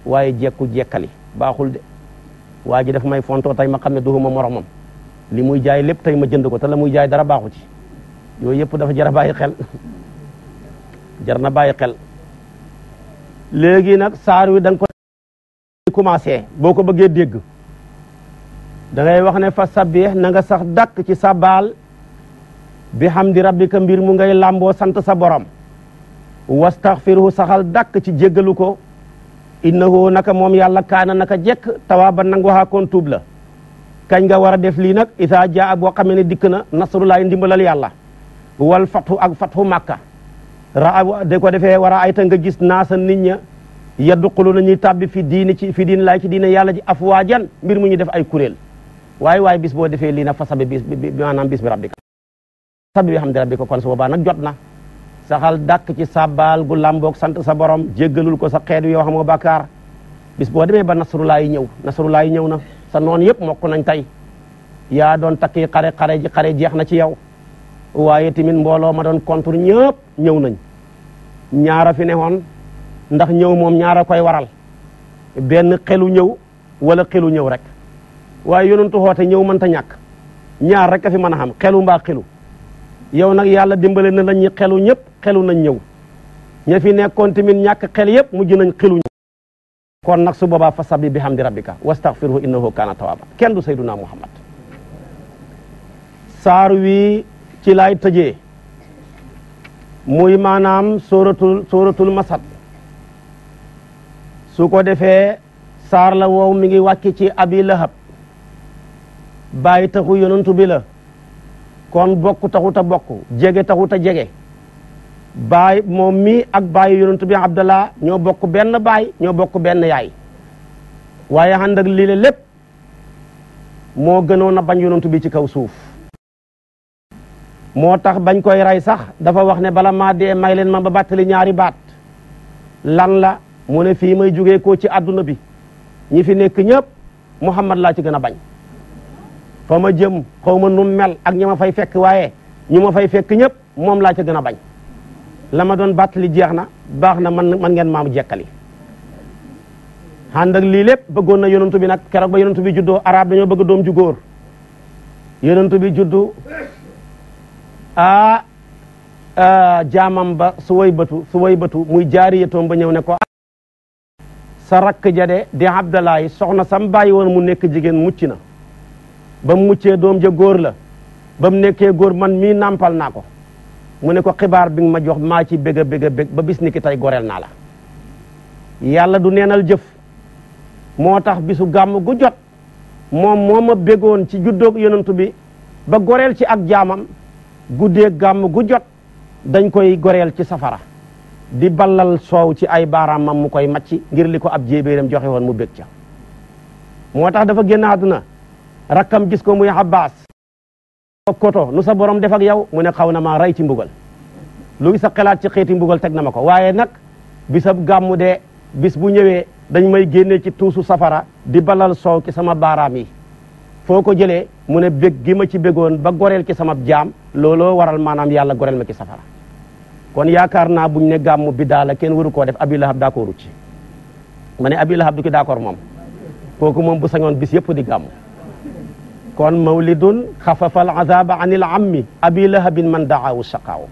waaye jekku jekkali baaxul de waa ji daf may fontoo tey ma xam ne duhuma moromam li muy jaay lépp tey ma jënd ko te la muy jaay dara baaxu ci yooyu yëpp dafa jar a bàyyi xel (laughs) jar na bàyyi xel léegi nag saar wi da nga ko commencé boo ko bëggee dégg da wax ne fa sabbih nanga sax dàkk ci sabaal bi xam di hamdi rabbika mbir mu ngay làmboo sant sa borom wastaghfirhu saxal dàkk ci jéggalu ko innahu naka moom yàlla kaana naka jekk tawaaba nang waxaa koon tuub la kañ nga war a def lii nag isaa jaa boo xamee ne dikk na nasrullahi ndimbalal yàlla wal fathu ak fathu màkka raa da ko defee wara a ayta nga gis naasa nit ña yadduqulu na ñuy tàbbi fi diini ci fi diin laay ci diine yàlla ji afwaajan mbir mu ñu def ay kuréel waaye waaye bis boo defee lii na fasabe bis bi maanaam bis bi rabbika sabi bi hamdi rabbika kon su boobaa nag jot na sa saxal dàkk ci sàbbaal gu làmboog sant sa borom jéggalul ko sa xeet yoo xamoo bàkkaar bis boo demee ba nasrulaay ñëw nasrulaay ñëw na sa noon yëpp mokk nañ tey yaa doon takki xare xare ji jeex na ci yow waaye tamit mbooloo ma doon contre ñëpp ñëw nañ ñaara fi ne newoon ndax ñëw moom ñaara koy waral benn xelu ñëw wala xelu ñëw rek waaye yonentu xoote ñëw ta ñàkk ñaar rek a fi mën a xam xelu mbaa xelu yow nag yàlla dimbale na lañ ñi xelu ñëpp xelu nañ ñëw ña fi nekkoon tamit ñàkk xel yëpp mujj nañ xelu kon nag su boobaa fa sabbi bi hamdi rabbika wastaghfirhu innahu kaana tawwaaba kenn du sayyiduna muhammad saar wi ci laay tëjee muy maanaam sóoratul sóoratul masad su ko defee saar la woow mi ngi wàcc ci abi lahab bàyyi taxu yonantu bi la kon bokk taxut a bokk jege taxut a jege baay moom mi ak baayu yonantu bi abdallah ñoo bokk benn baay ñoo bokk benn yaay waaye ànd ak lii lépp moo gënoon a bañ yonantu bi ci kaw suuf moo tax bañ koy rey sax dafa wax ne bala maa dee may leen ma ba bàttali ñaari baat lan la mu ne fii may jógee koo ci àdduna bi ñi fi nekk ñëpp mu Muhammad laa ci gën a bañ fa ma jëm xaw ma nu mel ak ñi ma fay fekk waaye ñu ma fay fekk ñëpp moom laa ci gën bañ la ma doon bàttali jeex na baax na man man ngeen maam jekkali ànd ak lii lépp bëggoon na yonentu bi nag keroog ba yonentu bi juddoo arab dañoo bëgg doom ju góor yonentu bi juddu a jaamam ba su way batu su way batu muy jaariyatoom ba ñëw ne ko sa rakk jade di abdalaayi soxna sam bàyyi woon mu nekk jigéen mucc na ba mu muccee doom ja góor la ba mu nekkee góor man mii nàmpal naa ko mu ne ko xibaar bi ma jox maa ci bëgg a bëgg ba bis ni ki goreel naa la yàlla du neenal jëf moo tax bisu gàmm gu jot moom moo ma bëggoon ci juddoog yonantu bi ba goreel ci ak jaamam guddee gàmm gu jot dañ koy goreel ci safara di ballal soow ci ay baaraamam mu koy macci ngir li ko ab jébéeram joxe woon mu bég ca moo tax dafa génn àdduna rakkam gis ko muy Abbas koto nu sa borom def ak yow mu ne xaw na maa rey ci mbugal luy sa xalaat ci xeeti mbugal teg na ma ko waaye nag bisab gàmmu dee bis bu ñëwee dañ may génne ci tuusu safara di balal soow ci sama baaraam yi foo ko jëlee mu ne bég gi ma ci bégoon ba goreel ci sama jaam looloo waral maanaam yàlla goreel ma ci safara kon yaakaar naa buñ ne gàmmu bi daala kenn waru koo def abi lahab d'accordu ci ma ne abi lahab du ki d'accord moom kooku moom bu sañoon bis yëpp di gàmmu kon mawlidun xafafa al azaba an il ammi abi lahabin man daawu saqaaw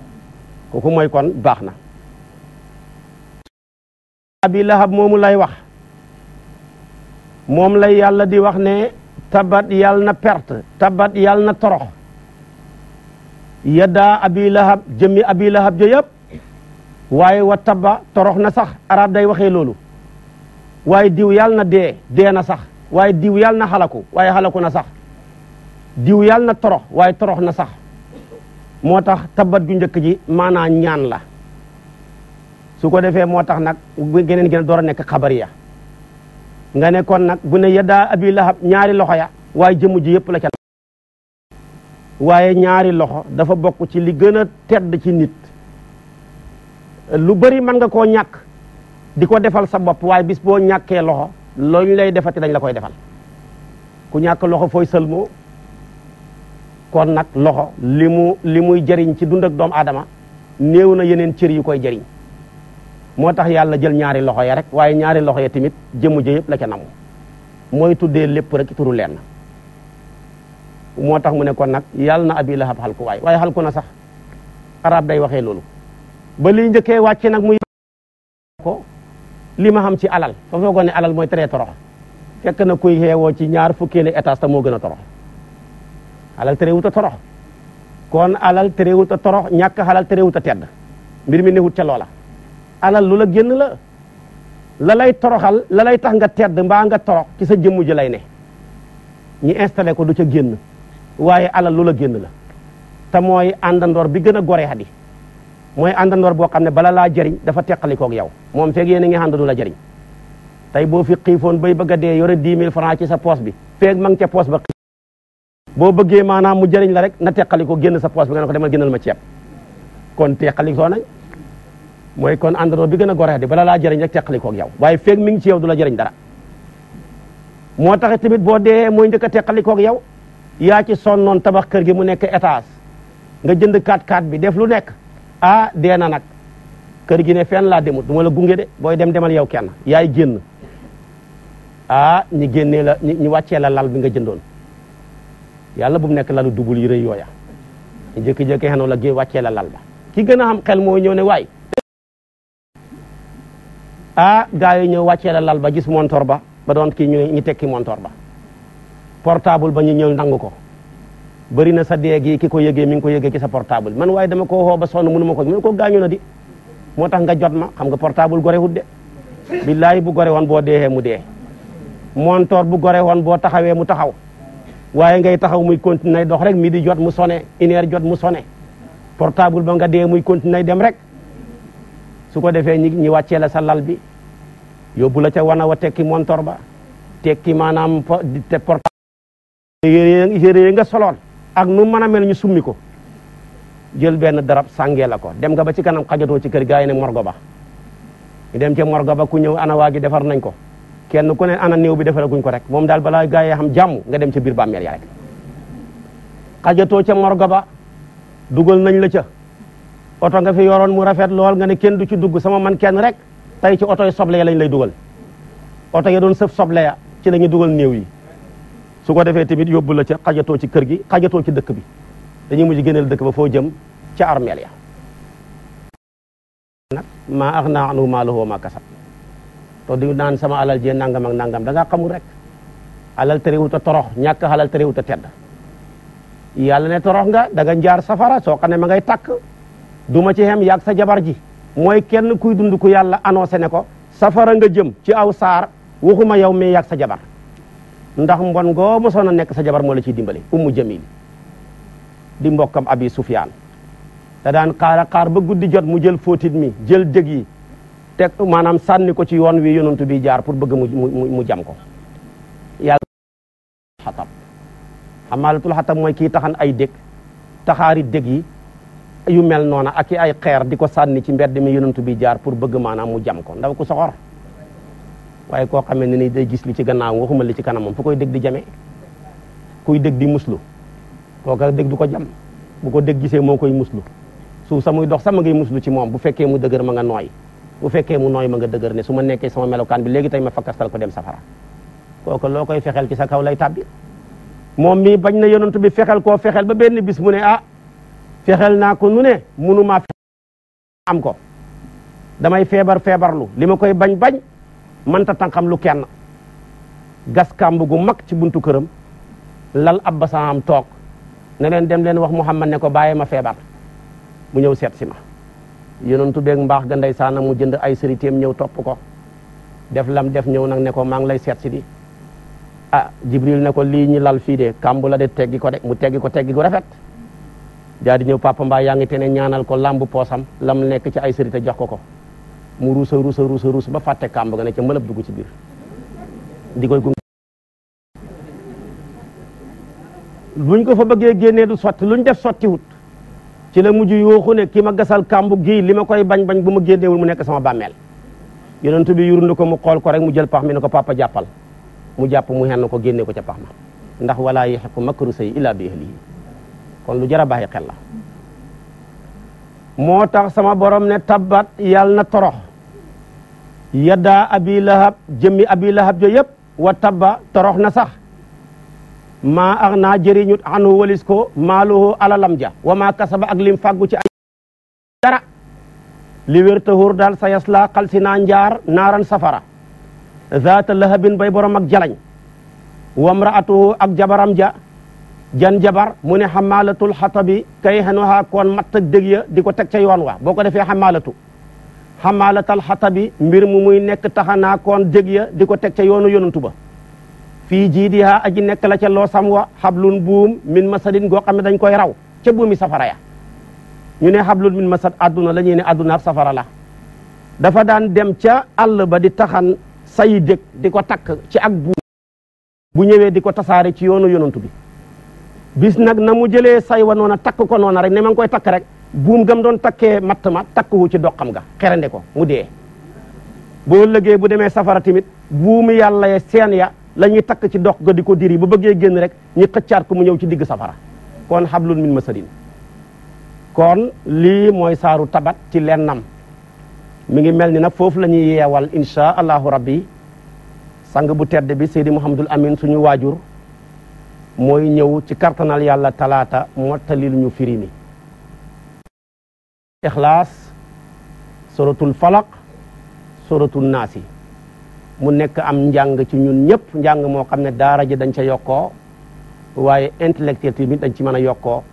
kooku mooy kon baax na abi lahab moomu lay wax moom lay yàlla di wax ne tabat yàll na perte tabat yàll na torox yaddaa abi lahab jëmmi abi lahab ja yëpp waaye wa tabba torox na sax arab day waxee loolu waaye diw yàll na dee dee na sax waaye diw yàll na xalaku waaye xalaku na sax diw yàll na torox waaye torox na sax moo tax tabat gu njëkk ji maanaa ñaan la su ko defee moo tax nag geneen gën a nekk xabariya nga ne nag bu ne yaddaa abi lahab ñaari loxo ya waaye jëmu ji yëpp la ca waaye ñaari loxo dafa bokk ci li gën a tedd ci nit lu bari mën nga koo ñàkk di ko defal sa bopp waaye bis boo ñàkkee loxo loolu lay defati dañ la koy defal ku ñàkk loxo fooy sëlmoo kon nag loxo limu mu li muy jariñ ci dundak doomu aadama néew na yeneen cër yu koy jariñ moo tax yàlla jël ñaari loxo ya rek waaye ñaari loxo ya tamit jëmu ja yëpp la ca namu mooy tuddee lépp rek turu leen moo tax mu ne kon nag yàlla na abi lahab xalku waay waaye xalku na sax arab day waxee loolu ba liy njëkkee wàcc nag muy ko li ma xam ci alal fa foogoon ne alal mooy très torox fekk na kuy xewoo ci ñaar fukkee ne étage ta moo gën a torox alal terewut a torox kon alal terewut a torox ñàkk alal terewut a tedd mbir mi newut ca loola alal lu la génn la la lay toroxal la lay tax nga tedd mbaa nga torox ci sa jëmm ji lay ne ñu installé ko du ca génn waaye alal lu la génn la te mooy àndandoor bi gën a a di mooy àndandoor boo xam ne bala laa jariñ dafa teqalikoog yow moom feeg yéen a ngi ànd du la jariñ tey boo fi xiifoon bay bëgg a dee yore 10 000 francs ci sa poos bi feeg ma ngi ca poos ba boo bëggee maanaam mu jëriñ la rek na teqaliko génn sa poos bi nga ne ko dema génnal ma ceeb kon teqalikoo nañ mooy kon àndandoo bi gën a goree di bala laa jëriñ rek teqalikoog yow waaye feeg mi ngi ci yow du la jëriñ dara moo tax tamit boo dee mooy njëkk a teqalikoog yow yaa ci sonnoon tabax kër gi mu nekk étage nga jënd 4 x bi def lu nekk ah dee na nag kër gi ne fen laa demut du ma la gunge de booy dem demal yow kenn yaay génn ah ñi génnee la ñi wàccee la lal bi nga jëndoon yàlla bu mu nekk lalu dubul yi rëy yooya ñu jékki-jékki xenoo la gé wàccee la lal ba ki gën a am xel moo ñëw ne waay ah gars yi ñëw wàccee la lal ba gis montor ba ba doon kii ñu ñu tekki montor ba portable ba ñu ñëw nangu ko bëri na sa dee ki ko yëgee mi ngi ko yegee ci sa portable man waaye dama ko xoo ba sonn mënu ma ko mënu ko gaañu na di moo tax nga jot ma xam nga portable gore wut de billaahi bu gore woon boo deexee mu dee montor bu gore woon boo taxawee mu taxaw waaye ngay taxaw muy continuer dox rek di jot mu sone une heure jot mu sone portable ba nga muy continuer dem rek su ko defee ñi ñi wàccee la sa lal bi yóbbu la ca wana wa tekki montor ba tekki maanaam te porta yére nga soloon ak nu mën a mel ñu summi ko jël benn darab sàngee la ko dem nga ba ci kanam xajatoo ci kër gaa yi ne morgo ba ñu dem ca morgo ba ku ñëw ana waa gi defar nañ ko kenn ku ne ana néew bi defaraguñ ko rek moom daal balaa gaa yi xam jàmm nga dem ca biir bàmmeel ya rek xajatoo ca morgo ba dugal nañ la ca oto nga fi yoroon mu rafet lool nga ne kenn du ci dugg sama man kenn rek tey ci oto yi soble ya lañ lay dugal oto ya doon sëf soble ya ci la dugal néew yi su ko defee tamit yóbbu la ca xajatoo ci kër gi xajatoo ci dëkk bi dañu dañuy mujj génneel dëkk ba foo jëm ca armeel ya nag maa aghnaa anhu maaluhu wa maa kasab to di naan sama alal jee nangam ak nangam da ngaa xamul rek alal terewut a torox ñàkk alal terewut a tedd yàlla ne torox nga danga nga jaar safara soo xam ne ngay tàkk du ma ci xem yàgg sa jabar ji mooy kenn kuy dund ku yàlla annoncé ne ko safara nga jëm ci aw saar waxuma yow mais yàgg sa jabar ndax mbon goo mosoon a nekk sa jabar moo la ciy dimbale ummu jamil di mbokkam abi sufyaan te daan xaara kaar ba guddi jot mu jël fóotit mi jël dég yi te maanaam sànni ko ci yoon wi yonantu bi jaar pour bëgg mu mu jam ko yàlla xatab xamaalatul mooy kii taxan ay dég taxaari dég yi yu mel noona ak i ay xeer di ko sànni ci mbedd mi yonantu bi jaar pour bëgg maanaam mu jam ko ndaw ku soxor waaye koo xamee ne ni day gis li ci gannaaw waxuma li ci kanamam fu koy dégg di jame kuy dégg di muslu kooka dégg du ko jam bu ko dégg gisee moo koy muslu su samuy dox sama ngay muslu ci moom bu fekkee mu dëgër ma nga nooy bu fekkee mu nooy ma nga dëgër ne su ma nekkee sama melokaan bi léegi tey ma fakkastal ko dem safara kooka loo ci sa kaw lay tàbbi moom mii bañ na yonantu bi mu ne ah, fexeel naa ko nu ne mënumaa am ko damay feebar feebarlu li ma koy bañ bañ mënta tànqam lu kenn gas kàmb gu mag ci buntu këram lal ab basaam toog ne leen dem leen wax Muhammad ne ko bàyyi ma feebar mu ñëw seet si ma yonentu beeg mbaax ga ndeysaanam mu jënd ay sëritéem ñëw topp ko def lam def ñëw nag ne ko maa ngi lay seet si di ah Jibril ne ko lii ñi lal fii de kàmb la de teggi ko de mu teggi ko teggi ko rafet daa di ñëw papa mbaa yaa ngi te ne ñaanal ko lamb poosam lam nekk ci ay sérité jox ko ko mu ruusa ruusa ruusa ruus ba fàtte kàmb nga ne ca mëlëb dugg ci biir di koy gunge luñ ko fa bëggee génnee du sotti luñ def sottiwut ci la mujj yooxu ne ki ma gasal kàmb gii li ma koy bañ bañ bu ma génneewul mu nekk sama bàmmeel yonent bi yurundu ko mu xool ko rek mu jël pax mi ne ko papa jàppal mu jàpp mu henn ko génnee ko ca pax ma ndax walaa yahiqu ko say illa bi ahlihi kon lu jar a bàyyi xel moo tax sama borom ne tabbat yàlla na torox yaddaa abi lahab jëmmi abi lahab jo yëpp tabba torox na sax ma ax naa jëriñut anu walis ko maaluhu alalam ja wa kasaba ak lim fàggu ci ay dara li wér tahóor daal sa yas laa xal si njaar naaran safara zaata lahabin bay borom ak jalañ wamraatuhu ak jabaram jan jabar mu ne xamaalatul xatabi kay xanuha koon matt ak dëg ya di ko teg ce yoon wa boo ko defee xamaalatu xamaalatal xatabi mbir mu muy nekk taxanaa koon dëg ya di ko teg ca yoonu yonantu ba fii jiidiha aji nekk la ca loo sam wa xablun buum min masadin goo xam ne dañ koy raw ca buumi safara ya ñu ne xablun min masad àdduna la ñuy ne àdduna ab safara la dafa daan dem ca àll ba di taxan sayi dëg di ko takk ci ak buum bu ñëwee di ko tasaare ci yoonu yonantu bi bis nag na mu jëlee say wa noona takk ko noona rek ne ma ngi koy takk rek buum gam doon takkee matt ma takk wu ci xam ga xerande ko mu dee boo lëgee bu demee safara tamit buumu yàlla seen ya lañuy takk ci dox ga di ko diri bu bëggee génn rek ñu xëccaat ko mu ñëw ci digg safara kon hablun min masadin kon lii mooy saaru tabat ci leen nam mu ngi mel ni nag foofu la ñuy yeewal insha allahu rabbi sang bu tedd bi Seydi Mouhamadul Amin suñu waajur mooy ñëw ci kartanal yàlla talaata mottalil ñu firi mi ixlaas suratul falaq suratul naasi mu nekk am njàng ci ñun ñëpp njàng moo xam ne daara ji dañ ca yokkoo waaye intellectuel tamit dañ ci mën a yokkoo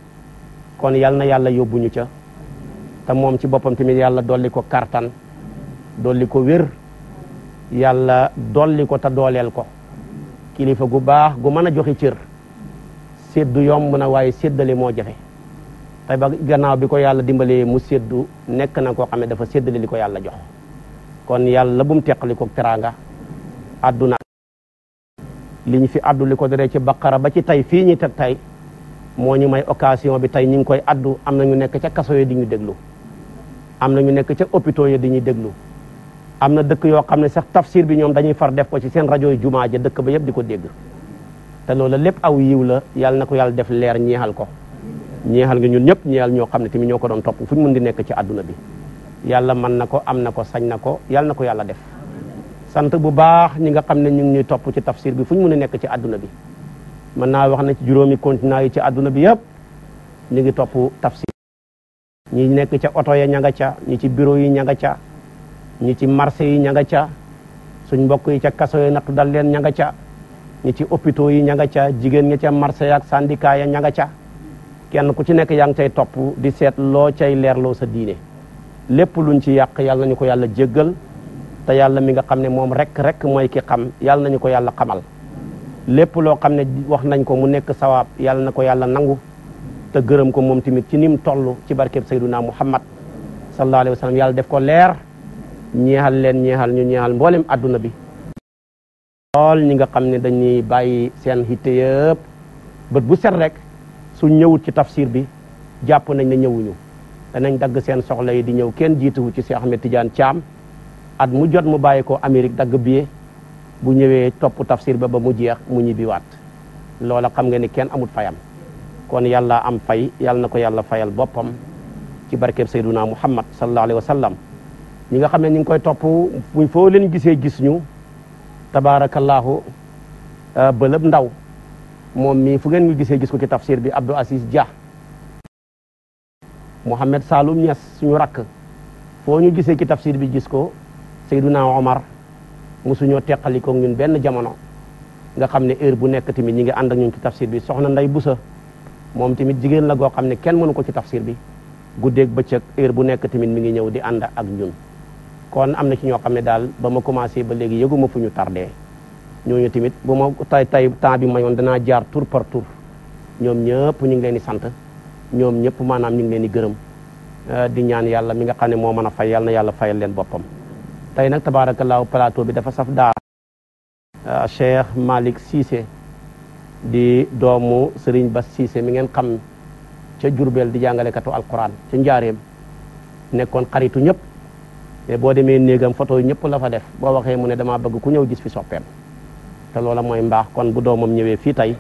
kon yal na yàlla yóbbuñu ca te moom ci boppam tamit yàlla dolli ko kartan dolli ko wér yàlla dolli ko te dooleel ko kilifa gu baax gu mën a joxe cër séddu yomb na waaye séddale moo jafe tey ba gannaaw bi ko yàlla dimbalee mu séddu nekk na koo xam ne dafa séddale li ko yàlla jox kon yàlla bu mu teqali ko teraanga àdduna li ñu fi addu li ko deree ci baqara ba ci tey fii ñi teg tey moo ñu may occasion bi tey ñu ngi koy addu am na ñu nekk ca kaso yi di ñu déglu am na ñu nekk ca hôpitaux yi di ñuy déglu am na dëkk yoo xam ne sax tafsir bi ñoom dañuy far def ko ci seen rajo yi jumaa ja dëkk ba yëpp di ko dégg te loola lépp aw yiw la yàlla na ko yàlla def leer ñeexal ko ñeexal nga ñun ñëpp ñeexal ñoo xam ne tamit ñoo ko doon topp fu ñu mën di nekk ci àdduna bi yàlla man na ko am na ko sañ na ko yàlla na ko yàlla def sant bu baax ñi nga xam ne ñu ngi ñuy topp ci tafsir bi fu ñu mën a nekk ci àdduna bi mën naa wax na ci juróomi continent yi ci àdduna bi yëpp ñu ngi topp tafsir ñi nekk ci oto ya ña nga ca ñi ci bureau yi ña nga ca ñi ci marché yi ña nga ca suñ mbokk yi ca kaso ñi ci hôpitaux yi ña nga ca jigéen ña ca marché ak syndicat ya ña nga ca kenn ku ci nekk yang ngi cay topp di seet loo cay leerloo sa diine lépp luñ ci yàq yàlla nañu ko yàlla jéggal te yàlla mi nga xam ne moom rek rek mooy ki xam yàlla nañu ko yàlla xamal lépp loo xam ne wax nañ ko mu nekk sawaab yàlla na ko yàlla nangu te gërëm ko moom tamit ci nim toll ci barkeb sayduna muhammad sallallahu alayhi wa sallam yàlla def ko leer ñeexal leen ñeexal ñu ñeexal mboolem adduna bi lool ñi nga xam ne dañuy bàyyi seen hitte yëpp bët bu set rek su ñëwut ci tafsir bi jàpp nañ ne ñëwuñu danañ dagg seen soxla yi di ñëw kenn jiituwu ci Cheikh Ahmed Tidiane Thiam at mu jot mu bàyyi ko Amérique dagg billet bu ñëwee topp tafsir ba ba mu jeex mu ñibbiwaat loola xam nga ni kenn amut fayam kon yàlla am fay yàlla na ko yàlla fayal boppam ci barkeb Seyduna Muhammad sallallahu wa sallam ñi nga xam ne ñu ngi koy topp buñ foo leen gisee gis ñu tabaarakallaahu euh, bëlëb ndaw moom mii fu ngeen ngi gisee gis ko ci tafsir bi Abdou Aziz Dia Mouhamed Saloum Niass suñu rakk foo ñu gisee ci tafsir bi gis ko Seyduna Omar mosuñoo teqali ko ñun benn jamono nga xam ne heure bu nekk tamit ñi ngi ànd ak ñun ci tafsir bi soxna Ndey Busa moom tamit jigéen la goo xam ne kenn mënu ko ci tafsir bi guddeeg bëccëg heure bu nekk tamit mi ngi ñëw di ànd ak ñun kon am na ci ñoo xam ne daal ba ma commencé ba léegi yëguma fu ñu tardé ñooñu tamit bu ma tay tay temps bi mayoon danaa jaar tour par tour ñoom ñëpp ñu ngi leen di sant ñoom ñëpp maanaam ñu ngi leen di gërëm euh, di ñaan yàlla mi nga xam ne moo mën a fay yàlla yàlla fayal leen boppam tey nag tabaarakallaahu plateau bi dafa saf daa euh, Cheikh Malick Cissé di doomu Serigne ba Cissé mi ngeen xam ca Jurbel di jàngalekatu alquran ca njaareem nekkoon xaritu ñëpp mais boo demee néegam photo yi ñëpp la fa def boo waxee mu ne damaa bëgg ku ñëw gis fi soppeem te loola mooy mbaax kon bu doomam ñëwee fii tey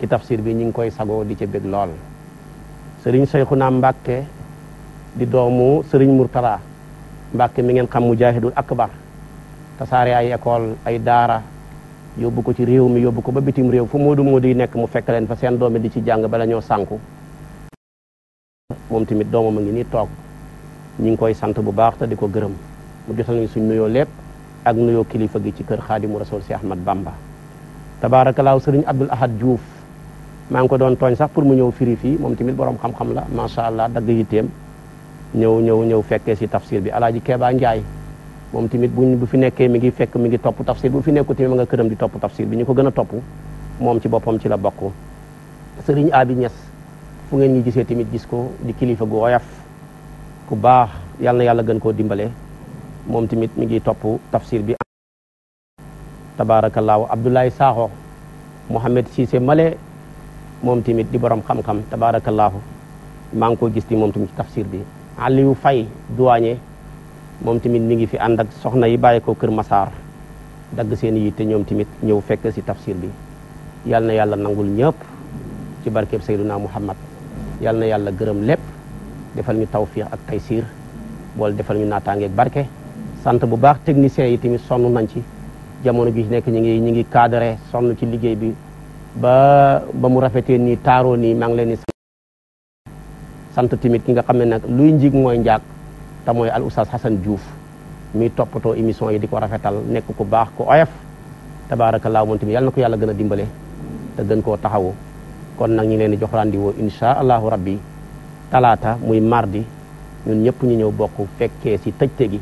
ci tafsir bi ñu ngi koy sagoo di ca bég lool sëriñ Seyxuna Mbàkke di doomu sëriñ Murtala Mbàkke mi ngeen xam mujahidul akbar tasaare ay école ay daara yóbbu ko ci réew mi yóbbu ko ba bitim réew fu moodu moodu yi nekk mu fekk leen fa seen doomi di ci jàng bala ñoo sànku moom tamit doomam a ngi nii toog ñu ngi koy sant bu baax te di ko gërëm mu jotal ñu suñ nuyoo lépp ak nuyoo kilifa gi ci kër xaadimu rasul si Ahmad Bamba tabaarakalaaw sëriñ Abdul Ahad Diouf maa ngi ko doon tooñ sax pour mu ñëw firi fii moom tamit borom xam-xam la macha allah dagg yitteem ñëw ñëw ñëw fekkee si tafsir bi alaaji Keeba Njaay moom tamit buñ bu fi nekkee mi ngi fekk mi ngi topp tafsir bu fi nekku tamit ma nga këram di topp tafsir bi ñu ko gën a topp moom ci boppam ci la bokk sëriñ Abi Ñas fu ngeen ñi gisee tamit gis ko di kilifa gu woyaf ku baax yàlla na yàlla gën koo dimbale moom tamit mi ngi topp tafsir bi tabaarakallaahu Abdoulaye Sakho Mouhamed Cissé Male moom tamit di borom xamxam xam tabaarakallaahu maa ngi ko gis ti moom tamit ci tafsir bi Aliou fay douanier moom tamit mi ngi fi ànd ak soxna yi bàyyi ko Kër Masaar dagg seen yi te ñoom tamit ñëw fekk si tafsir bi yàlla na yàlla nangul ñëpp ci barkeb Seyduna Muhammad yàlla na yàlla gërëm lépp defal ñu tawfiix ak taysiir boole defal ñu naataangeeg barke sant bu baax techniciens yi tamit sonn nañ ci jamono gi nekk ñu ngi ñu ngi cadré sonn ci liggéey bi ba ba mu rafetee nii taaroo nii maa ngi leen di sant tamit ki nga xam ne nag luy njig mooy njaag te mooy al oustaz Hassan Diouf muy toppatoo émission yi di ko rafetal nekk ku baax ku oyof tabaarakallaa moom tamit yàlla na ko yàlla gën a dimbale te gën koo taxawu kon nag ñu leen di jox rendez-vous incha allahu talaata muy mardi ñun ñëpp ñu ñëw bokk fekkee si tëjte gi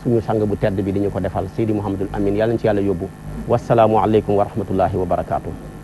suñu sang bu tedd bi di ñu ko defal Seydi Mouhamadul Amin yàlla ñu ci yàlla yóbbu wasalaamualeykum wa rahmatullahi wa barakaatu.